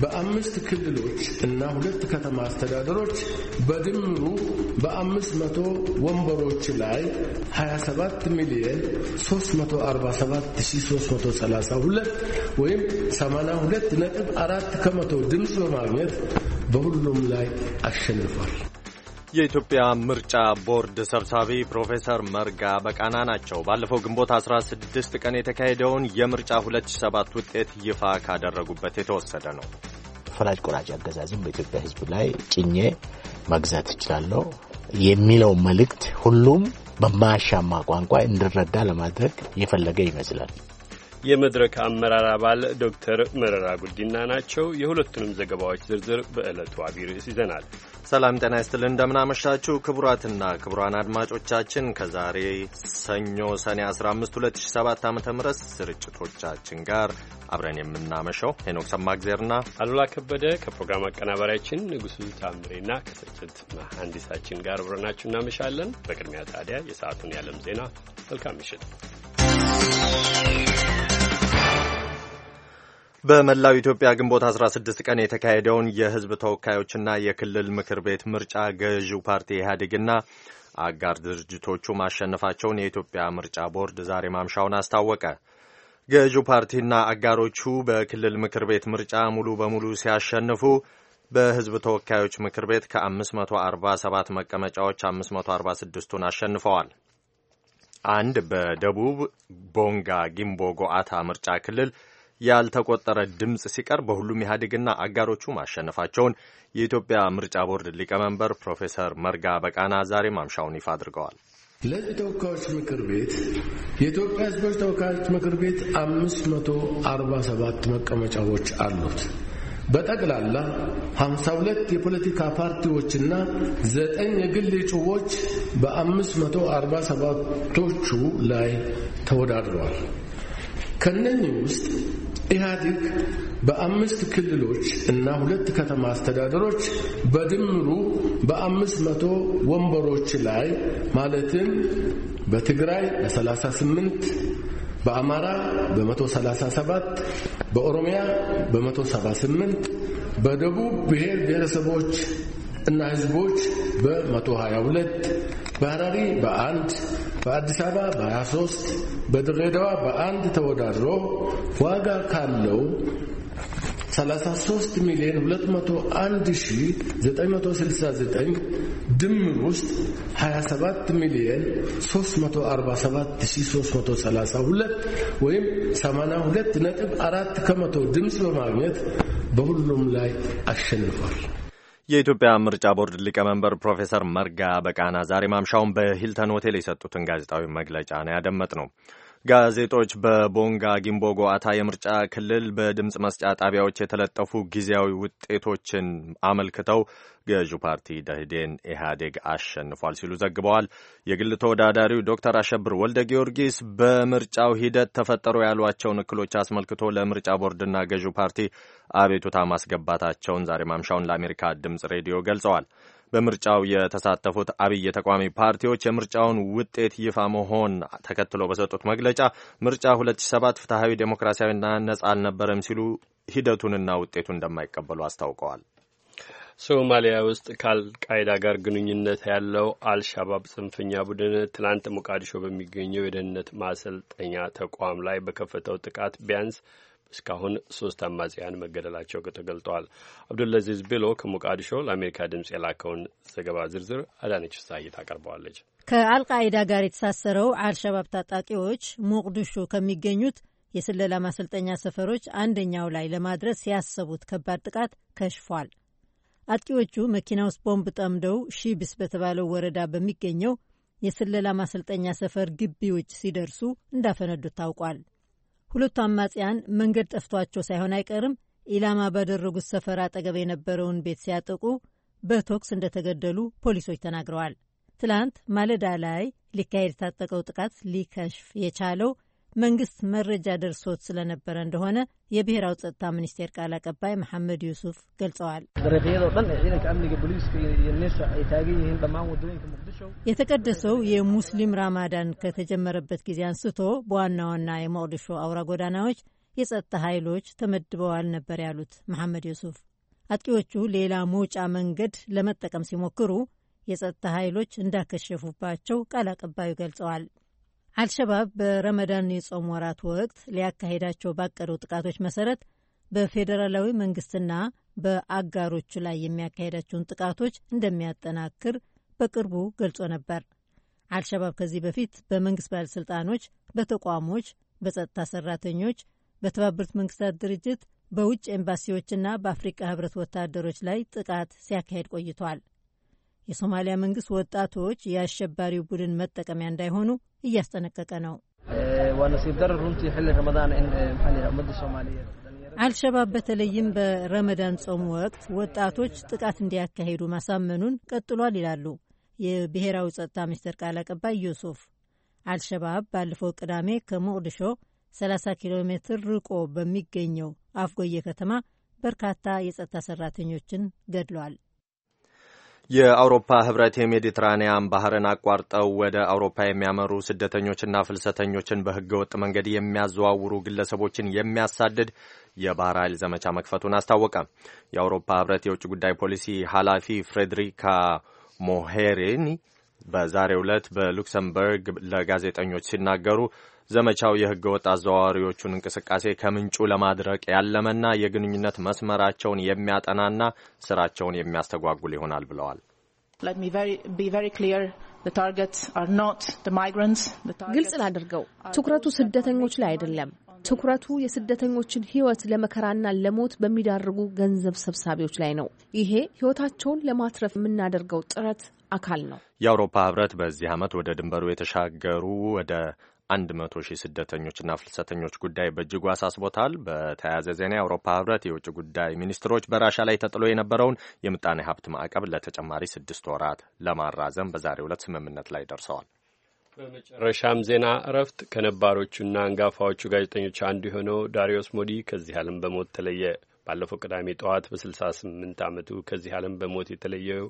በአምስት ክልሎች እና ሁለት ከተማ አስተዳደሮች በድምሩ በአምስት መቶ ወንበሮች ላይ 27 ሚሊየን 347332 ወይም 82 ነጥብ አራት ከመቶ ድምፅ በማግኘት በሁሉም ላይ አሸንፏል። የኢትዮጵያ ምርጫ ቦርድ ሰብሳቢ ፕሮፌሰር መርጋ በቃና ናቸው። ባለፈው ግንቦት 16 ቀን የተካሄደውን የምርጫ 2007 ውጤት ይፋ ካደረጉበት የተወሰደ ነው። ፈላጭ ቆራጭ አገዛዝም በኢትዮጵያ ሕዝብ ላይ ጭኜ መግዛት እችላለሁ የሚለው መልእክት ሁሉም በማያሻማ ቋንቋ እንድረዳ ለማድረግ የፈለገ ይመስላል። የመድረክ አመራር አባል ዶክተር መረራ ጉዲና ናቸው። የሁለቱንም ዘገባዎች ዝርዝር በዕለቱ አቢይ ርዕስ ይዘናል። ሰላም ጤና ይስጥልን፣ እንደምናመሻችሁ ክቡራትና ክቡራን አድማጮቻችን ከዛሬ ሰኞ ሰኔ 15 2007 ዓ ም ስርጭቶቻችን ጋር አብረን የምናመሸው ሄኖክ ሰማግዜርና አሉላ ከበደ ከፕሮግራም አቀናባሪያችን ንጉሱ ታምሬና ከስርጭት መሐንዲሳችን ጋር አብረናችሁ እናመሻለን። በቅድሚያ ታዲያ የሰዓቱን የዓለም ዜና። መልካም ምሽት። በመላው ኢትዮጵያ ግንቦት 16 ቀን የተካሄደውን የህዝብ ተወካዮችና የክልል ምክር ቤት ምርጫ ገዢው ፓርቲ ኢህአዴግና አጋር ድርጅቶቹ ማሸነፋቸውን የኢትዮጵያ ምርጫ ቦርድ ዛሬ ማምሻውን አስታወቀ። ገዢው ፓርቲና አጋሮቹ በክልል ምክር ቤት ምርጫ ሙሉ በሙሉ ሲያሸንፉ በህዝብ ተወካዮች ምክር ቤት ከ547 መቀመጫዎች 546ቱን አሸንፈዋል። አንድ በደቡብ ቦንጋ ጊምቦ ጎአታ ምርጫ ክልል ያልተቆጠረ ድምፅ ሲቀር በሁሉም ኢህአዴግና አጋሮቹ ማሸነፋቸውን የኢትዮጵያ ምርጫ ቦርድ ሊቀመንበር ፕሮፌሰር መርጋ በቃና ዛሬ ማምሻውን ይፋ አድርገዋል። ለዚህ ተወካዮች ምክር ቤት የኢትዮጵያ ህዝቦች ተወካዮች ምክር ቤት አምስት መቶ አርባ ሰባት መቀመጫዎች አሉት። በጠቅላላ 52 የፖለቲካ ፓርቲዎችና ዘጠኝ የግል እጩዎች በ547ቶቹ ላይ ተወዳድረዋል። ከነኚህ ውስጥ ኢህአዲግ በአምስት ክልሎች እና ሁለት ከተማ አስተዳደሮች በድምሩ በአምስት መቶ ወንበሮች ላይ ማለትም በትግራይ በ38 በአማራ በ137 በኦሮሚያ በ178 በደቡብ ብሔር ብሔረሰቦች እና ህዝቦች በ122 በሐራሪ በአንድ በአዲስ አበባ በ23 በድሬዳዋ በአንድ ተወዳድሮ ዋጋ ካለው 33 ሚሊዮን 201969 ድምር ውስጥ 27 ሚሊዮን 347332 ወይም 82 ነጥብ ከመቶ ድምፅ በማግኘት በሁሉም ላይ አሸንፏል። የኢትዮጵያ ምርጫ ቦርድ ሊቀመንበር ፕሮፌሰር መርጋ በቃና ዛሬ ማምሻውን በሂልተን ሆቴል የሰጡትን ጋዜጣዊ መግለጫ ነው ያደመጥ ነው። ጋዜጦች በቦንጋ ጊምቦ ጓታ የምርጫ ክልል በድምፅ መስጫ ጣቢያዎች የተለጠፉ ጊዜያዊ ውጤቶችን አመልክተው ገዢው ፓርቲ ደህዴን ኢህአዴግ አሸንፏል ሲሉ ዘግበዋል። የግል ተወዳዳሪው ዶክተር አሸብር ወልደ ጊዮርጊስ በምርጫው ሂደት ተፈጠሩ ያሏቸውን እክሎች አስመልክቶ ለምርጫ ቦርድና ገዢው ፓርቲ አቤቱታ ማስገባታቸውን ዛሬ ማምሻውን ለአሜሪካ ድምፅ ሬዲዮ ገልጸዋል። በምርጫው የተሳተፉት አብይ የተቃዋሚ ፓርቲዎች የምርጫውን ውጤት ይፋ መሆን ተከትሎ በሰጡት መግለጫ ምርጫ 2007 ፍትሐዊ፣ ዴሞክራሲያዊና ነጻ አልነበረም ሲሉ ሂደቱንና ውጤቱን እንደማይቀበሉ አስታውቀዋል። ሶማሊያ ውስጥ ከአልቃይዳ ጋር ግንኙነት ያለው አልሻባብ ጽንፈኛ ቡድን ትናንት ሞቃዲሾ በሚገኘው የደህንነት ማሰልጠኛ ተቋም ላይ በከፈተው ጥቃት ቢያንስ እስካሁን ሶስት አማጽያን መገደላቸው ተገልጧል። አብዱላዚዝ ቢሎ ከሞቃዲሾ ለአሜሪካ ድምፅ የላከውን ዘገባ ዝርዝር አዳነች ሳይት አቀርበዋለች። ከአልቃይዳ ጋር የተሳሰረው አልሸባብ ታጣቂዎች ሞቅዲሾ ከሚገኙት የስለላ ማሰልጠኛ ሰፈሮች አንደኛው ላይ ለማድረስ ያሰቡት ከባድ ጥቃት ከሽፏል። አጥቂዎቹ መኪና ውስጥ ቦምብ ጠምደው ሺብስ በተባለው ወረዳ በሚገኘው የስለላ ማሰልጠኛ ሰፈር ግቢ ውጭ ሲደርሱ እንዳፈነዱት ታውቋል። ሁለቱ አማጽያን መንገድ ጠፍቷቸው ሳይሆን አይቀርም ኢላማ ባደረጉት ሰፈር አጠገብ የነበረውን ቤት ሲያጠቁ በቶክስ እንደተገደሉ ፖሊሶች ተናግረዋል። ትላንት ማለዳ ላይ ሊካሄድ የታጠቀው ጥቃት ሊከሽፍ የቻለው መንግስት መረጃ ደርሶት ስለነበረ እንደሆነ የብሔራዊ ጸጥታ ሚኒስቴር ቃል አቀባይ መሐመድ ዩሱፍ ገልጸዋል። የተቀደሰው የሙስሊም ራማዳን ከተጀመረበት ጊዜ አንስቶ በዋና ዋና የሞቅዲሾ አውራ ጎዳናዎች የጸጥታ ኃይሎች ተመድበዋል ነበር ያሉት መሐመድ ዩሱፍ አጥቂዎቹ ሌላ መውጫ መንገድ ለመጠቀም ሲሞክሩ የጸጥታ ኃይሎች እንዳከሸፉባቸው ቃል አቀባዩ ገልጸዋል። አልሸባብ በረመዳን የጾም ወራት ወቅት ሊያካሄዳቸው ባቀደው ጥቃቶች መሰረት በፌዴራላዊ መንግስትና በአጋሮቹ ላይ የሚያካሄዳቸውን ጥቃቶች እንደሚያጠናክር በቅርቡ ገልጾ ነበር። አልሸባብ ከዚህ በፊት በመንግስት ባለሥልጣኖች፣ በተቋሞች፣ በጸጥታ ሰራተኞች፣ በተባበሩት መንግስታት ድርጅት፣ በውጭ ኤምባሲዎችና በአፍሪቃ ህብረት ወታደሮች ላይ ጥቃት ሲያካሄድ ቆይቷል። የሶማሊያ መንግስት ወጣቶች የአሸባሪው ቡድን መጠቀሚያ እንዳይሆኑ እያስጠነቀቀ ነው። አልሸባብ በተለይም በረመዳን ጾም ወቅት ወጣቶች ጥቃት እንዲያካሄዱ ማሳመኑን ቀጥሏል ይላሉ የብሔራዊ ጸጥታ ሚኒስቴር ቃል አቀባይ ዩሱፍ። አልሸባብ ባለፈው ቅዳሜ ከሞቅዲሾ 30 ኪሎ ሜትር ርቆ በሚገኘው አፍጎየ ከተማ በርካታ የጸጥታ ሰራተኞችን ገድሏል። የአውሮፓ ህብረት የሜዲትራኒያን ባህርን አቋርጠው ወደ አውሮፓ የሚያመሩ ስደተኞችና ፍልሰተኞችን በህገወጥ መንገድ የሚያዘዋውሩ ግለሰቦችን የሚያሳድድ የባህር ኃይል ዘመቻ መክፈቱን አስታወቀ። የአውሮፓ ህብረት የውጭ ጉዳይ ፖሊሲ ኃላፊ ፍሬድሪካ ሞሄሪኒ በዛሬው ዕለት በሉክሰምበርግ ለጋዜጠኞች ሲናገሩ ዘመቻው የሕገ ወጥ አዘዋዋሪዎቹን እንቅስቃሴ ከምንጩ ለማድረቅ ያለመና የግንኙነት መስመራቸውን የሚያጠናና ስራቸውን የሚያስተጓጉል ይሆናል ብለዋል። ግልጽ ላድርገው፣ ትኩረቱ ስደተኞች ላይ አይደለም። ትኩረቱ የስደተኞችን ህይወት ለመከራና ለሞት በሚዳርጉ ገንዘብ ሰብሳቢዎች ላይ ነው። ይሄ ህይወታቸውን ለማትረፍ የምናደርገው ጥረት አካል ነው። የአውሮፓ ህብረት በዚህ ዓመት ወደ ድንበሩ የተሻገሩ ወደ አንድ መቶ ሺህ ስደተኞችና ፍልሰተኞች ጉዳይ በእጅጉ አሳስቦታል። በተያያዘ ዜና የአውሮፓ ህብረት የውጭ ጉዳይ ሚኒስትሮች በራሻ ላይ ተጥሎ የነበረውን የምጣኔ ሀብት ማዕቀብ ለተጨማሪ ስድስት ወራት ለማራዘም በዛሬው ዕለት ስምምነት ላይ ደርሰዋል። በመጨረሻም ዜና እረፍት ከነባሮቹና አንጋፋዎቹ ጋዜጠኞች አንዱ የሆነው ዳሪዮስ ሞዲ ከዚህ ዓለም በሞት ተለየ። ባለፈው ቅዳሜ ጠዋት በ68 ዓመቱ ከዚህ ዓለም በሞት የተለየው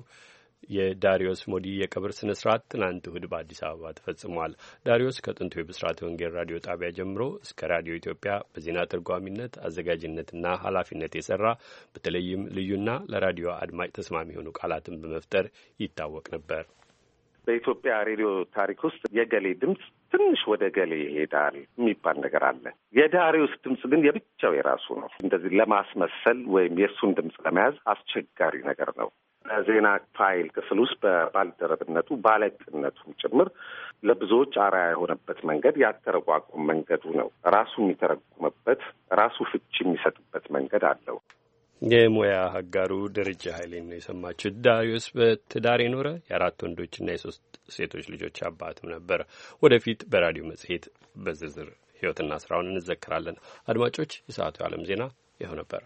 የዳሪዮስ ሞዲ የቀብር ስነ ስርዓት ትናንት እሁድ በአዲስ አበባ ተፈጽሟል። ዳሪዮስ ከጥንቱ የብስራት ወንጌል ራዲዮ ጣቢያ ጀምሮ እስከ ራዲዮ ኢትዮጵያ በዜና ተርጓሚነት አዘጋጅነትና ኃላፊነት የሰራ በተለይም ልዩና ለራዲዮ አድማጭ ተስማሚ የሆኑ ቃላትን በመፍጠር ይታወቅ ነበር። በኢትዮጵያ ሬዲዮ ታሪክ ውስጥ የገሌ ድምፅ ትንሽ ወደ ገሌ ይሄዳል የሚባል ነገር አለ። የዳሪዮስ ድምፅ ግን የብቻው የራሱ ነው። እንደዚህ ለማስመሰል ወይም የእሱን ድምፅ ለመያዝ አስቸጋሪ ነገር ነው። በዜና ፋይል ክፍል ውስጥ በባልደረብነቱ ባለቅነቱ ጭምር ለብዙዎች አርአያ የሆነበት መንገድ ያተረጓጉም መንገዱ ነው። ራሱ የሚተረጉምበት ራሱ ፍች የሚሰጥበት መንገድ አለው። የሙያ አጋሩ ደረጀ ኃይሌን ነው የሰማችሁ። ዳሪዮስ በትዳር የኖረ የአራት ወንዶችና የሶስት ሴቶች ልጆች አባትም ነበር። ወደፊት በራዲዮ መጽሔት በዝርዝር ህይወትና ስራውን እንዘክራለን። አድማጮች፣ የሰዓቱ የዓለም ዜና ይኸው ነበር።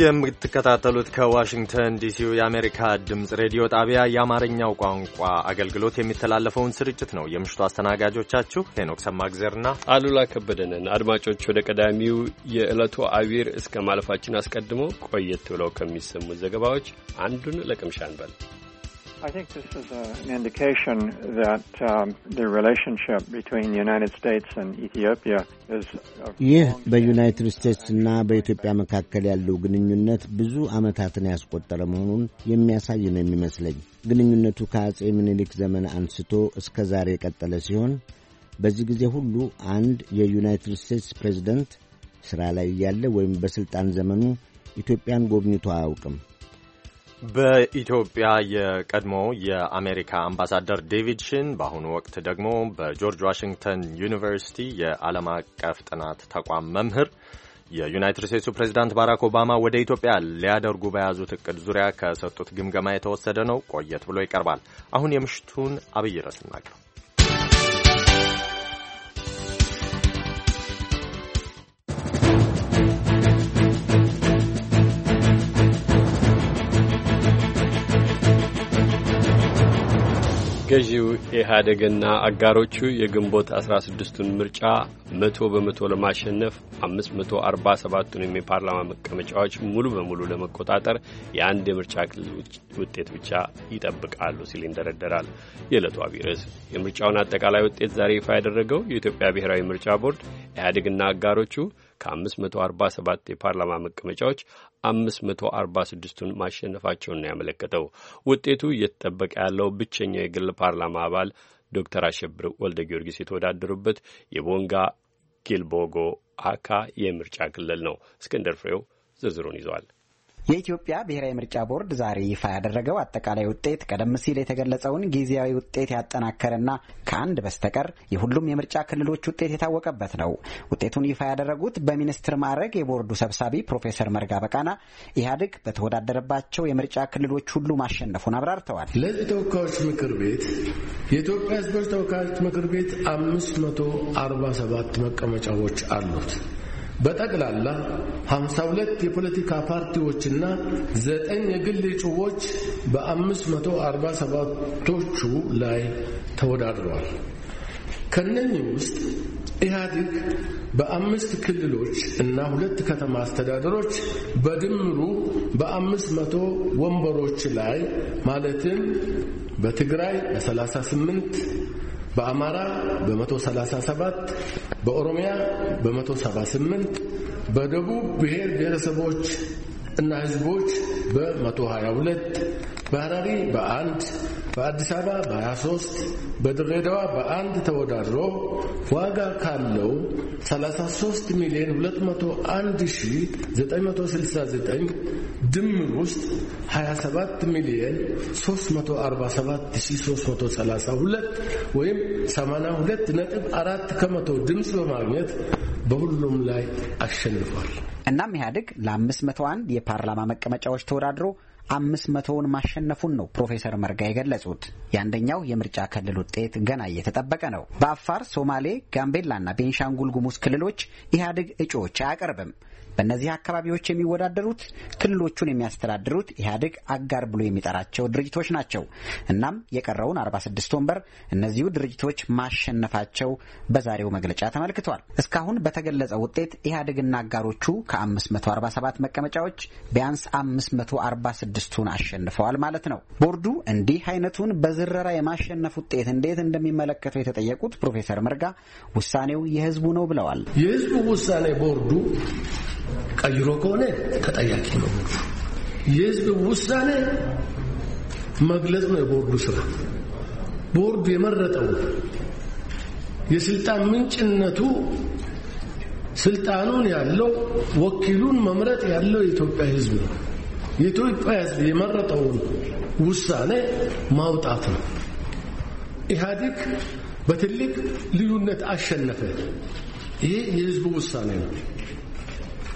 የምትከታተሉት ከዋሽንግተን ዲሲው የአሜሪካ ድምፅ ሬዲዮ ጣቢያ የአማርኛው ቋንቋ አገልግሎት የሚተላለፈውን ስርጭት ነው። የምሽቱ አስተናጋጆቻችሁ ሄኖክ ሰማግዘርና አሉላ ከበደንን። አድማጮች ወደ ቀዳሚው የዕለቱ አቢር እስከ ማለፋችን አስቀድሞ ቆየት ብለው ከሚሰሙ ዘገባዎች አንዱን ለቅምሻ እንበል። I think this is an indication that um, the relationship between the United States and Ethiopia is ይህ በዩናይትድ ስቴትስና በኢትዮጵያ መካከል ያለው ግንኙነት ብዙ ዓመታትን ያስቆጠረ መሆኑን የሚያሳይ ነው የሚመስለኝ። ግንኙነቱ ከአጼ ምኒልክ ዘመን አንስቶ እስከ ዛሬ የቀጠለ ሲሆን በዚህ ጊዜ ሁሉ አንድ የዩናይትድ ስቴትስ ፕሬዝደንት ሥራ ላይ እያለ ወይም በሥልጣን ዘመኑ ኢትዮጵያን ጎብኝቶ አያውቅም። በኢትዮጵያ የቀድሞ የአሜሪካ አምባሳደር ዴቪድ ሽን በአሁኑ ወቅት ደግሞ በጆርጅ ዋሽንግተን ዩኒቨርሲቲ የዓለም አቀፍ ጥናት ተቋም መምህር የዩናይትድ ስቴትሱ ፕሬዚዳንት ባራክ ኦባማ ወደ ኢትዮጵያ ሊያደርጉ በያዙት እቅድ ዙሪያ ከሰጡት ግምገማ የተወሰደ ነው። ቆየት ብሎ ይቀርባል። አሁን የምሽቱን አብይ ርዕስ እናቅርብ። ገዢው ኢህአደግና አጋሮቹ የግንቦት 16ቱን ምርጫ መቶ በመቶ ለማሸነፍ 547 ቱን የፓርላማ መቀመጫዎች ሙሉ በሙሉ ለመቆጣጠር የአንድ የምርጫ ክልል ውጤት ብቻ ይጠብቃሉ ሲል ይንደረደራል የዕለቱ አብይ ርዕስ። የምርጫውን አጠቃላይ ውጤት ዛሬ ይፋ ያደረገው የኢትዮጵያ ብሔራዊ ምርጫ ቦርድ ኢህአዴግና አጋሮቹ ከ547 የፓርላማ መቀመጫዎች አምስት መቶ አርባ ስድስቱን ማሸነፋቸውን ነው ያመለከተው። ውጤቱ እየተጠበቀ ያለው ብቸኛው የግል ፓርላማ አባል ዶክተር አሸብር ወልደ ጊዮርጊስ የተወዳደሩበት የቦንጋ ጊልቦጎ አካ የምርጫ ክልል ነው። እስክንደር ፍሬው ዝርዝሩን ይዟል። የኢትዮጵያ ብሔራዊ ምርጫ ቦርድ ዛሬ ይፋ ያደረገው አጠቃላይ ውጤት ቀደም ሲል የተገለጸውን ጊዜያዊ ውጤት ያጠናከረና ከአንድ በስተቀር የሁሉም የምርጫ ክልሎች ውጤት የታወቀበት ነው። ውጤቱን ይፋ ያደረጉት በሚኒስትር ማዕረግ የቦርዱ ሰብሳቢ ፕሮፌሰር መርጋ በቃና ኢህአዴግ በተወዳደረባቸው የምርጫ ክልሎች ሁሉ ማሸነፉን አብራርተዋል። ለዚህ ተወካዮች ምክር ቤት የኢትዮጵያ ሕዝቦች ተወካዮች ምክር ቤት ሰባት መቀመጫዎች አሉት። በጠቅላላ 52 የፖለቲካ ፓርቲዎችና ዘጠኝ የግል እጩዎች በ547ቶቹ ላይ ተወዳድረዋል። ከነኚህ ውስጥ ኢህአዴግ በአምስት ክልሎች እና ሁለት ከተማ አስተዳደሮች በድምሩ በአምስት መቶ ወንበሮች ላይ ማለትም በትግራይ በ38 በአማራ በ137 በኦሮሚያ በ178 በደቡብ ብሔር ብሔረሰቦች እና ህዝቦች በ122 በሐራሪ በአንድ በአዲስ አበባ በ23 በድሬዳዋ በአንድ ተወዳድሮ ዋጋ ካለው 33 ሚሊዮን 201969 ድምር ውስጥ 27 ሚሊዮን 347332 ወይም 82 ነጥብ ከመቶ ድምፅ በማግኘት በሁሉም ላይ አሸንፏል። እናም ኢህአዴግ ለ501 የፓርላማ መቀመጫዎች ተወዳድሮ አምስት መቶውን ማሸነፉን ነው ፕሮፌሰር መርጋ የገለጹት። የአንደኛው የምርጫ ክልል ውጤት ገና እየተጠበቀ ነው። በአፋር፣ ሶማሌ፣ ጋምቤላና ቤንሻንጉል ጉሙዝ ክልሎች ኢህአዴግ እጩዎች አያቀርብም። በእነዚህ አካባቢዎች የሚወዳደሩት ክልሎቹን የሚያስተዳድሩት ኢህአዴግ አጋር ብሎ የሚጠራቸው ድርጅቶች ናቸው። እናም የቀረውን 46 ወንበር እነዚሁ ድርጅቶች ማሸነፋቸው በዛሬው መግለጫ ተመልክቷል። እስካሁን በተገለጸ ውጤት ኢህአዴግና አጋሮቹ ከ547 መቀመጫዎች ቢያንስ 546ቱን አሸንፈዋል ማለት ነው። ቦርዱ እንዲህ አይነቱን በዝረራ የማሸነፍ ውጤት እንዴት እንደሚመለከተው የተጠየቁት ፕሮፌሰር መርጋ ውሳኔው የህዝቡ ነው ብለዋል። የህዝቡ ውሳኔ ቦርዱ ቀይሮ ከሆነ ተጠያቂ ነው። የህዝብ ውሳኔ መግለጽ ነው የቦርዱ ስራ። ቦርዱ የመረጠው የስልጣን ምንጭነቱ ስልጣኑን ያለው ወኪሉን መምረጥ ያለው የኢትዮጵያ ህዝብ ነው። የኢትዮጵያ ህዝብ የመረጠውን ውሳኔ ማውጣት ነው። ኢህአዲግ በትልቅ ልዩነት አሸነፈ። ይሄ የህዝቡ ውሳኔ ነው።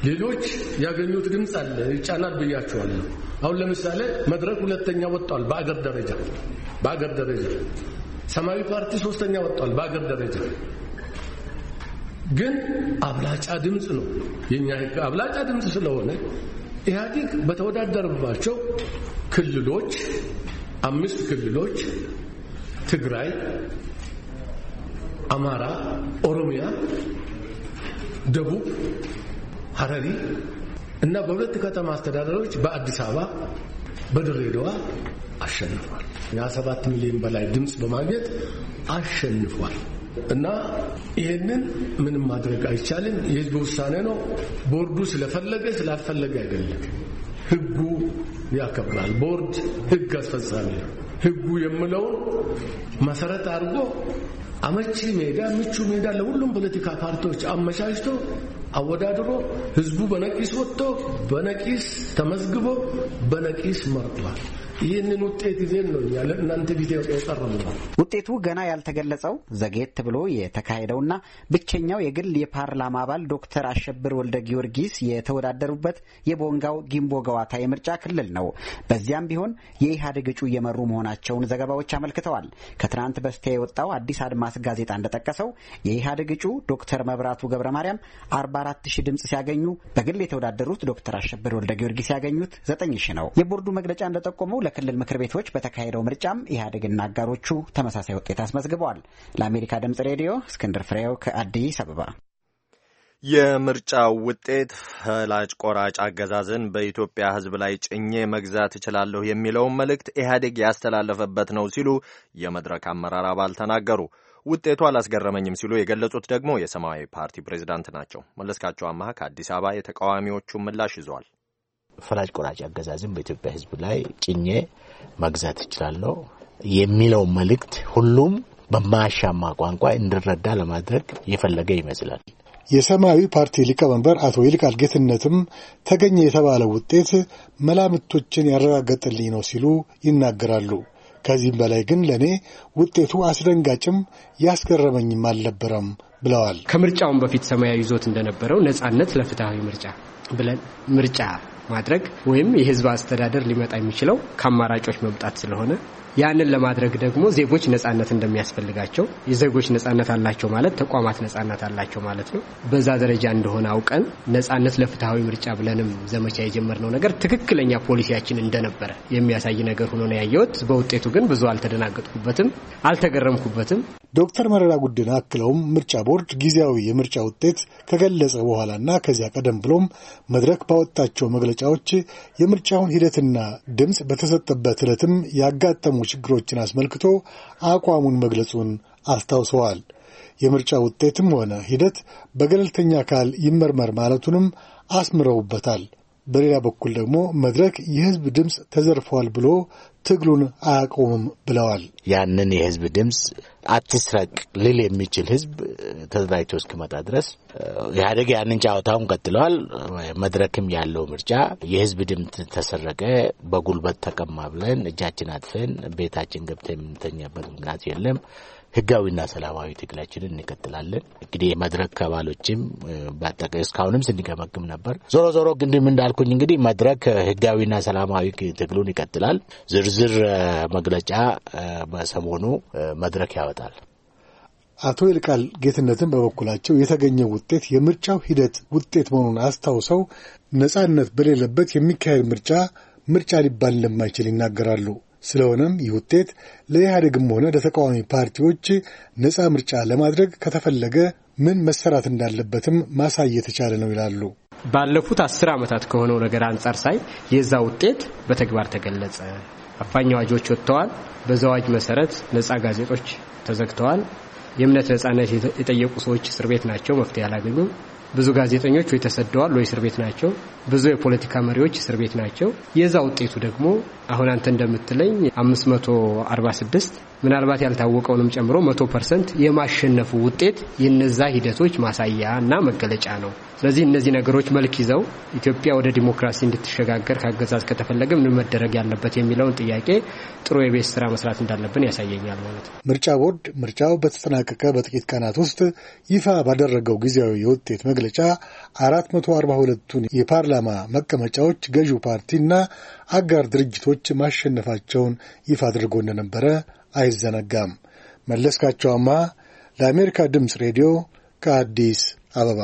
ሌሎች ያገኙት ድምፅ አለ ይጫናል ብያቸዋለሁ። አሁን ለምሳሌ መድረክ ሁለተኛ ወጥቷል በአገር ደረጃ በአገር ደረጃ ሰማያዊ ፓርቲ ሶስተኛ ወጥቷል በአገር ደረጃ ግን አብላጫ ድምፅ ነው የኛ አብላጫ ድምፅ ስለሆነ ኢህአዴግ በተወዳደረባቸው ክልሎች አምስት ክልሎች ትግራይ፣ አማራ፣ ኦሮሚያ፣ ደቡብ ሀረሪ እና በሁለት ከተማ አስተዳደሮች በአዲስ አበባ በድሬዳዋ አሸንፏል። ሰባት ሚሊዮን በላይ ድምፅ በማግኘት አሸንፏል። እና ይህንን ምንም ማድረግ አይቻልም። የህዝብ ውሳኔ ነው። ቦርዱ ስለፈለገ ስላልፈለገ አይደለም። ህጉ ያከብራል። ቦርድ ህግ አስፈጻሚ ነው። ህጉ የምለውን መሰረት አድርጎ አመቺ ሜዳ፣ ምቹ ሜዳ ለሁሉም ፖለቲካ ፓርቲዎች አመቻችቶ አወዳድሮ ህዝቡ በነቂስ ወጥቶ በነቂስ ተመዝግቦ በነቂስ መርጧል። ይህንን ውጤት ይዜን ነው እኛ ለእናንተ ጊዜ ነው። ውጤቱ ገና ያልተገለጸው ዘጌት ብሎ የተካሄደውና ብቸኛው የግል የፓርላማ አባል ዶክተር አሸብር ወልደ ጊዮርጊስ የተወዳደሩበት የቦንጋው ጊምቦ ገዋታ የምርጫ ክልል ነው። በዚያም ቢሆን የኢህአዴግ እጩ እየመሩ መሆናቸውን ዘገባዎች አመልክተዋል። ከትናንት በስቲያ የወጣው አዲስ አድማስ ጋዜጣ እንደጠቀሰው የኢህአዴግ እጩ ዶክተር መብራቱ ገብረ ማርያም 44 ሺህ ድምፅ ሲያገኙ በግል የተወዳደሩት ዶክተር አሸብር ወልደ ጊዮርጊስ ያገኙት 9 ሺህ ነው። የቦርዱ መግለጫ እንደጠቆመው ለክልል ምክር ቤቶች በተካሄደው ምርጫም ኢህአዴግና አጋሮቹ ተመሳሳይ ውጤት አስመዝግበዋል። ለአሜሪካ ድምጽ ሬዲዮ እስክንድር ፍሬው ከአዲስ አበባ። የምርጫው ውጤት ፈላጭ ቆራጭ አገዛዝን በኢትዮጵያ ሕዝብ ላይ ጭኜ መግዛት እችላለሁ የሚለውን መልእክት ኢህአዴግ ያስተላለፈበት ነው ሲሉ የመድረክ አመራር አባል ተናገሩ። ውጤቱ አላስገረመኝም ሲሉ የገለጹት ደግሞ የሰማያዊ ፓርቲ ፕሬዚዳንት ናቸው። መለስካቸው አመሀ ከአዲስ አበባ የተቃዋሚዎቹን ምላሽ ይዘዋል። ፈላጭ ቆራጭ አገዛዝም በኢትዮጵያ ሕዝብ ላይ ጭኜ መግዛት እችላለሁ የሚለው መልእክት ሁሉም በማያሻማ ቋንቋ እንዲረዳ ለማድረግ የፈለገ ይመስላል። የሰማያዊ ፓርቲ ሊቀመንበር አቶ ይልቃል ጌትነትም ተገኘ የተባለው ውጤት መላምቶችን ያረጋገጠልኝ ነው ሲሉ ይናገራሉ። ከዚህም በላይ ግን ለእኔ ውጤቱ አስደንጋጭም ያስገረመኝም አልነበረም ብለዋል። ከምርጫውን በፊት ሰማያዊ ይዞት እንደነበረው ነጻነት ለፍትሐዊ ምርጫ ብለን ምርጫ ማድረግ ወይም የህዝብ አስተዳደር ሊመጣ የሚችለው ከአማራጮች መምጣት ስለሆነ ያንን ለማድረግ ደግሞ ዜጎች ነጻነት እንደሚያስፈልጋቸው የዜጎች ነጻነት አላቸው ማለት ተቋማት ነጻነት አላቸው ማለት ነው። በዛ ደረጃ እንደሆነ አውቀን ነጻነት ለፍትሐዊ ምርጫ ብለንም ዘመቻ የጀመርነው ነገር ትክክለኛ ፖሊሲያችን እንደነበረ የሚያሳይ ነገር ሆኖ ነው ያየሁት። በውጤቱ ግን ብዙ አልተደናገጥኩበትም፣ አልተገረምኩበትም። ዶክተር መረራ ጉድን አክለውም ምርጫ ቦርድ ጊዜያዊ የምርጫ ውጤት ከገለጸ በኋላና ከዚያ ቀደም ብሎም መድረክ ባወጣቸው መግለጫዎች የምርጫውን ሂደትና ድምፅ በተሰጠበት ዕለትም ያጋጠሙ ችግሮችን አስመልክቶ አቋሙን መግለጹን አስታውሰዋል። የምርጫ ውጤትም ሆነ ሂደት በገለልተኛ አካል ይመርመር ማለቱንም አስምረውበታል። በሌላ በኩል ደግሞ መድረክ የህዝብ ድምፅ ተዘርፏል ብሎ ትግሉን አያቆምም ብለዋል። ያንን የህዝብ ድምፅ አትስረቅ ልል የሚችል ህዝብ ተደራጅቶ እስክመጣ ድረስ ኢህአዴግ ያንን ጨዋታውን ቀጥለዋል። መድረክም ያለው ምርጫ የህዝብ ድምፅ ተሰረቀ፣ በጉልበት ተቀማ ብለን እጃችን አጥፈን ቤታችን ገብተን የምንተኛበት ምክንያት የለም። ህጋዊና ሰላማዊ ትግላችንን እንቀጥላለን። እንግዲህ መድረክ አባሎችም በአጠቃላይ እስካሁንም ስንገመግም ነበር። ዞሮ ዞሮ ግንድም እንዳልኩኝ እንግዲህ መድረክ ህጋዊና ሰላማዊ ትግሉን ይቀጥላል። ዝርዝር መግለጫ በሰሞኑ መድረክ ያወጣል። አቶ ይልቃል ጌትነትን በበኩላቸው የተገኘው ውጤት የምርጫው ሂደት ውጤት መሆኑን አስታውሰው ነጻነት በሌለበት የሚካሄድ ምርጫ ምርጫ ሊባል እንደማይችል ይናገራሉ። ስለሆነም ይህ ውጤት ለኢህአዴግም ሆነ ለተቃዋሚ ፓርቲዎች ነፃ ምርጫ ለማድረግ ከተፈለገ ምን መሰራት እንዳለበትም ማሳየት የተቻለ ነው ይላሉ። ባለፉት አስር ዓመታት ከሆነው ነገር አንጻር ሳይ የዛ ውጤት በተግባር ተገለጸ። አፋኝ አዋጆች ወጥተዋል። በዛ አዋጅ መሰረት ነፃ ጋዜጦች ተዘግተዋል። የእምነት ነፃነት የጠየቁ ሰዎች እስር ቤት ናቸው፣ መፍትሄ አላገኙም። ብዙ ጋዜጠኞች ወይ ተሰደዋል ወይ እስር ቤት ናቸው። ብዙ የፖለቲካ መሪዎች እስር ቤት ናቸው። የዛ ውጤቱ ደግሞ አሁን አንተ እንደምትለኝ 546 ምናልባት ያልታወቀውንም ጨምሮ መቶ ፐርሰንት የማሸነፉ ውጤት የነዛ ሂደቶች ማሳያ እና መገለጫ ነው። ስለዚህ እነዚህ ነገሮች መልክ ይዘው ኢትዮጵያ ወደ ዲሞክራሲ እንድትሸጋገር ከአገዛዝ ከተፈለገ ምን መደረግ ያለበት የሚለውን ጥያቄ ጥሩ የቤት ስራ መስራት እንዳለብን ያሳየኛል ማለት ነው። ምርጫ ቦርድ ምርጫው በተጠናቀቀ በጥቂት ቀናት ውስጥ ይፋ ባደረገው ጊዜያዊ የውጤት መግለጫ 442ቱን የፓርላማ መቀመጫዎች ገዢው ፓርቲና አጋር ድርጅቶች ማሸነፋቸውን ይፋ አድርጎ እንደነበረ አይዘነጋም። መለስካቸዋማ ለአሜሪካ ድምፅ ሬዲዮ ከአዲስ አበባ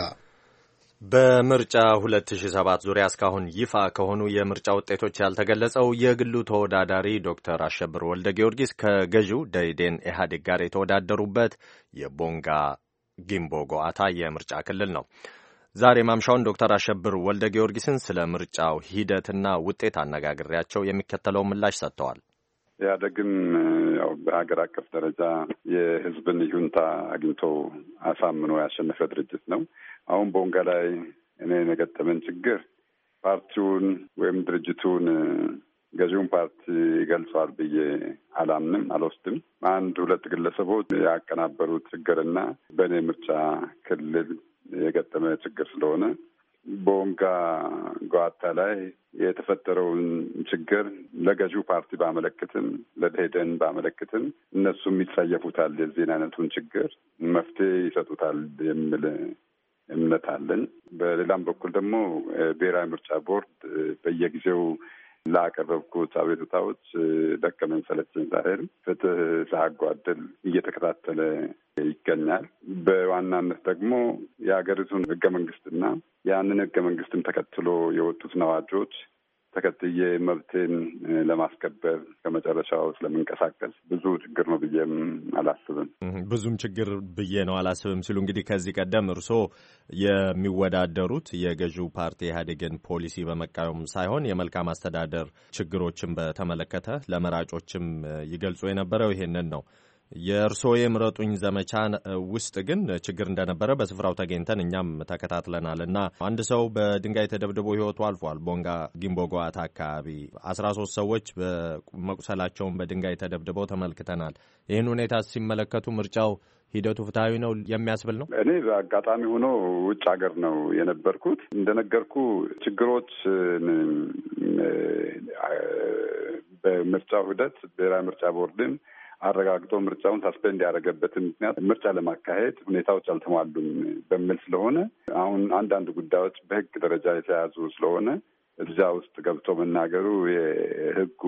በምርጫ 2007 ዙሪያ እስካሁን ይፋ ከሆኑ የምርጫ ውጤቶች ያልተገለጸው የግሉ ተወዳዳሪ ዶክተር አሸብር ወልደ ጊዮርጊስ ከገዢው ደኢህዴን ኢህአዴግ ጋር የተወዳደሩበት የቦንጋ ጊምቦ ጎአታ የምርጫ ክልል ነው። ዛሬ ማምሻውን ዶክተር አሸብር ወልደ ጊዮርጊስን ስለ ምርጫው ሂደትና ውጤት አነጋግሬያቸው የሚከተለው ምላሽ ሰጥተዋል። ያደግም ያው በሀገር አቀፍ ደረጃ የህዝብን ይሁንታ አግኝቶ አሳምኖ ያሸነፈ ድርጅት ነው። አሁን በወንጋ ላይ እኔ የገጠመን ችግር ፓርቲውን ወይም ድርጅቱን ገዢውን ፓርቲ ይገልጸዋል ብዬ አላምንም፣ አልወስድም። አንድ ሁለት ግለሰቦች ያቀናበሩት ችግርና በእኔ ምርጫ ክልል የገጠመ ችግር ስለሆነ በወንጋ ጓታ ላይ የተፈጠረውን ችግር ለገዢው ፓርቲ ባመለክትም ለደሄደን ባመለክትም እነሱም ይጸየፉታል። የዚህን አይነቱን ችግር መፍትሄ ይሰጡታል የሚል እምነት አለን። በሌላም በኩል ደግሞ ብሔራዊ ምርጫ ቦርድ በየጊዜው ላቀረብኩት አቤቱታዎች ደከመኝ ሰለቸኝ ሳይል ፍትህ ሳያጓድል እየተከታተለ ይገኛል። በዋናነት ደግሞ የሀገሪቱን ህገ መንግስትና ያንን ህገ መንግስትም ተከትሎ የወጡት አዋጆች ተከትዬ መብቴን ለማስከበር ከመጨረሻው ስለምንቀሳቀስ ብዙ ችግር ነው ብዬም አላስብም። ብዙም ችግር ብዬ ነው አላስብም ሲሉ እንግዲህ ከዚህ ቀደም እርስዎ የሚወዳደሩት የገዢው ፓርቲ ኢህአዴግን ፖሊሲ በመቃወም ሳይሆን የመልካም አስተዳደር ችግሮችን በተመለከተ ለመራጮችም ይገልጹ የነበረው ይሄንን ነው። የእርስዎ የምረጡኝ ዘመቻ ውስጥ ግን ችግር እንደነበረ በስፍራው ተገኝተን እኛም ተከታትለናል እና አንድ ሰው በድንጋይ ተደብድቦ ሕይወቱ አልፏል። ቦንጋ ጊምቦጓት አካባቢ አስራ ሶስት ሰዎች መቁሰላቸውን በድንጋይ ተደብድበው ተመልክተናል። ይህን ሁኔታ ሲመለከቱ ምርጫው ሂደቱ ፍትሐዊ ነው የሚያስብል ነው። እኔ በአጋጣሚ ሆኖ ውጭ ሀገር ነው የነበርኩት። እንደነገርኩ ችግሮች በምርጫው ሂደት ብሔራዊ ምርጫ ቦርድን አረጋግጦ ምርጫውን ሳስፔንድ ያደረገበትን ምክንያት ምርጫ ለማካሄድ ሁኔታዎች አልተሟሉም በሚል ስለሆነ አሁን አንዳንድ ጉዳዮች በህግ ደረጃ የተያዙ ስለሆነ እዛ ውስጥ ገብቶ መናገሩ የህጉ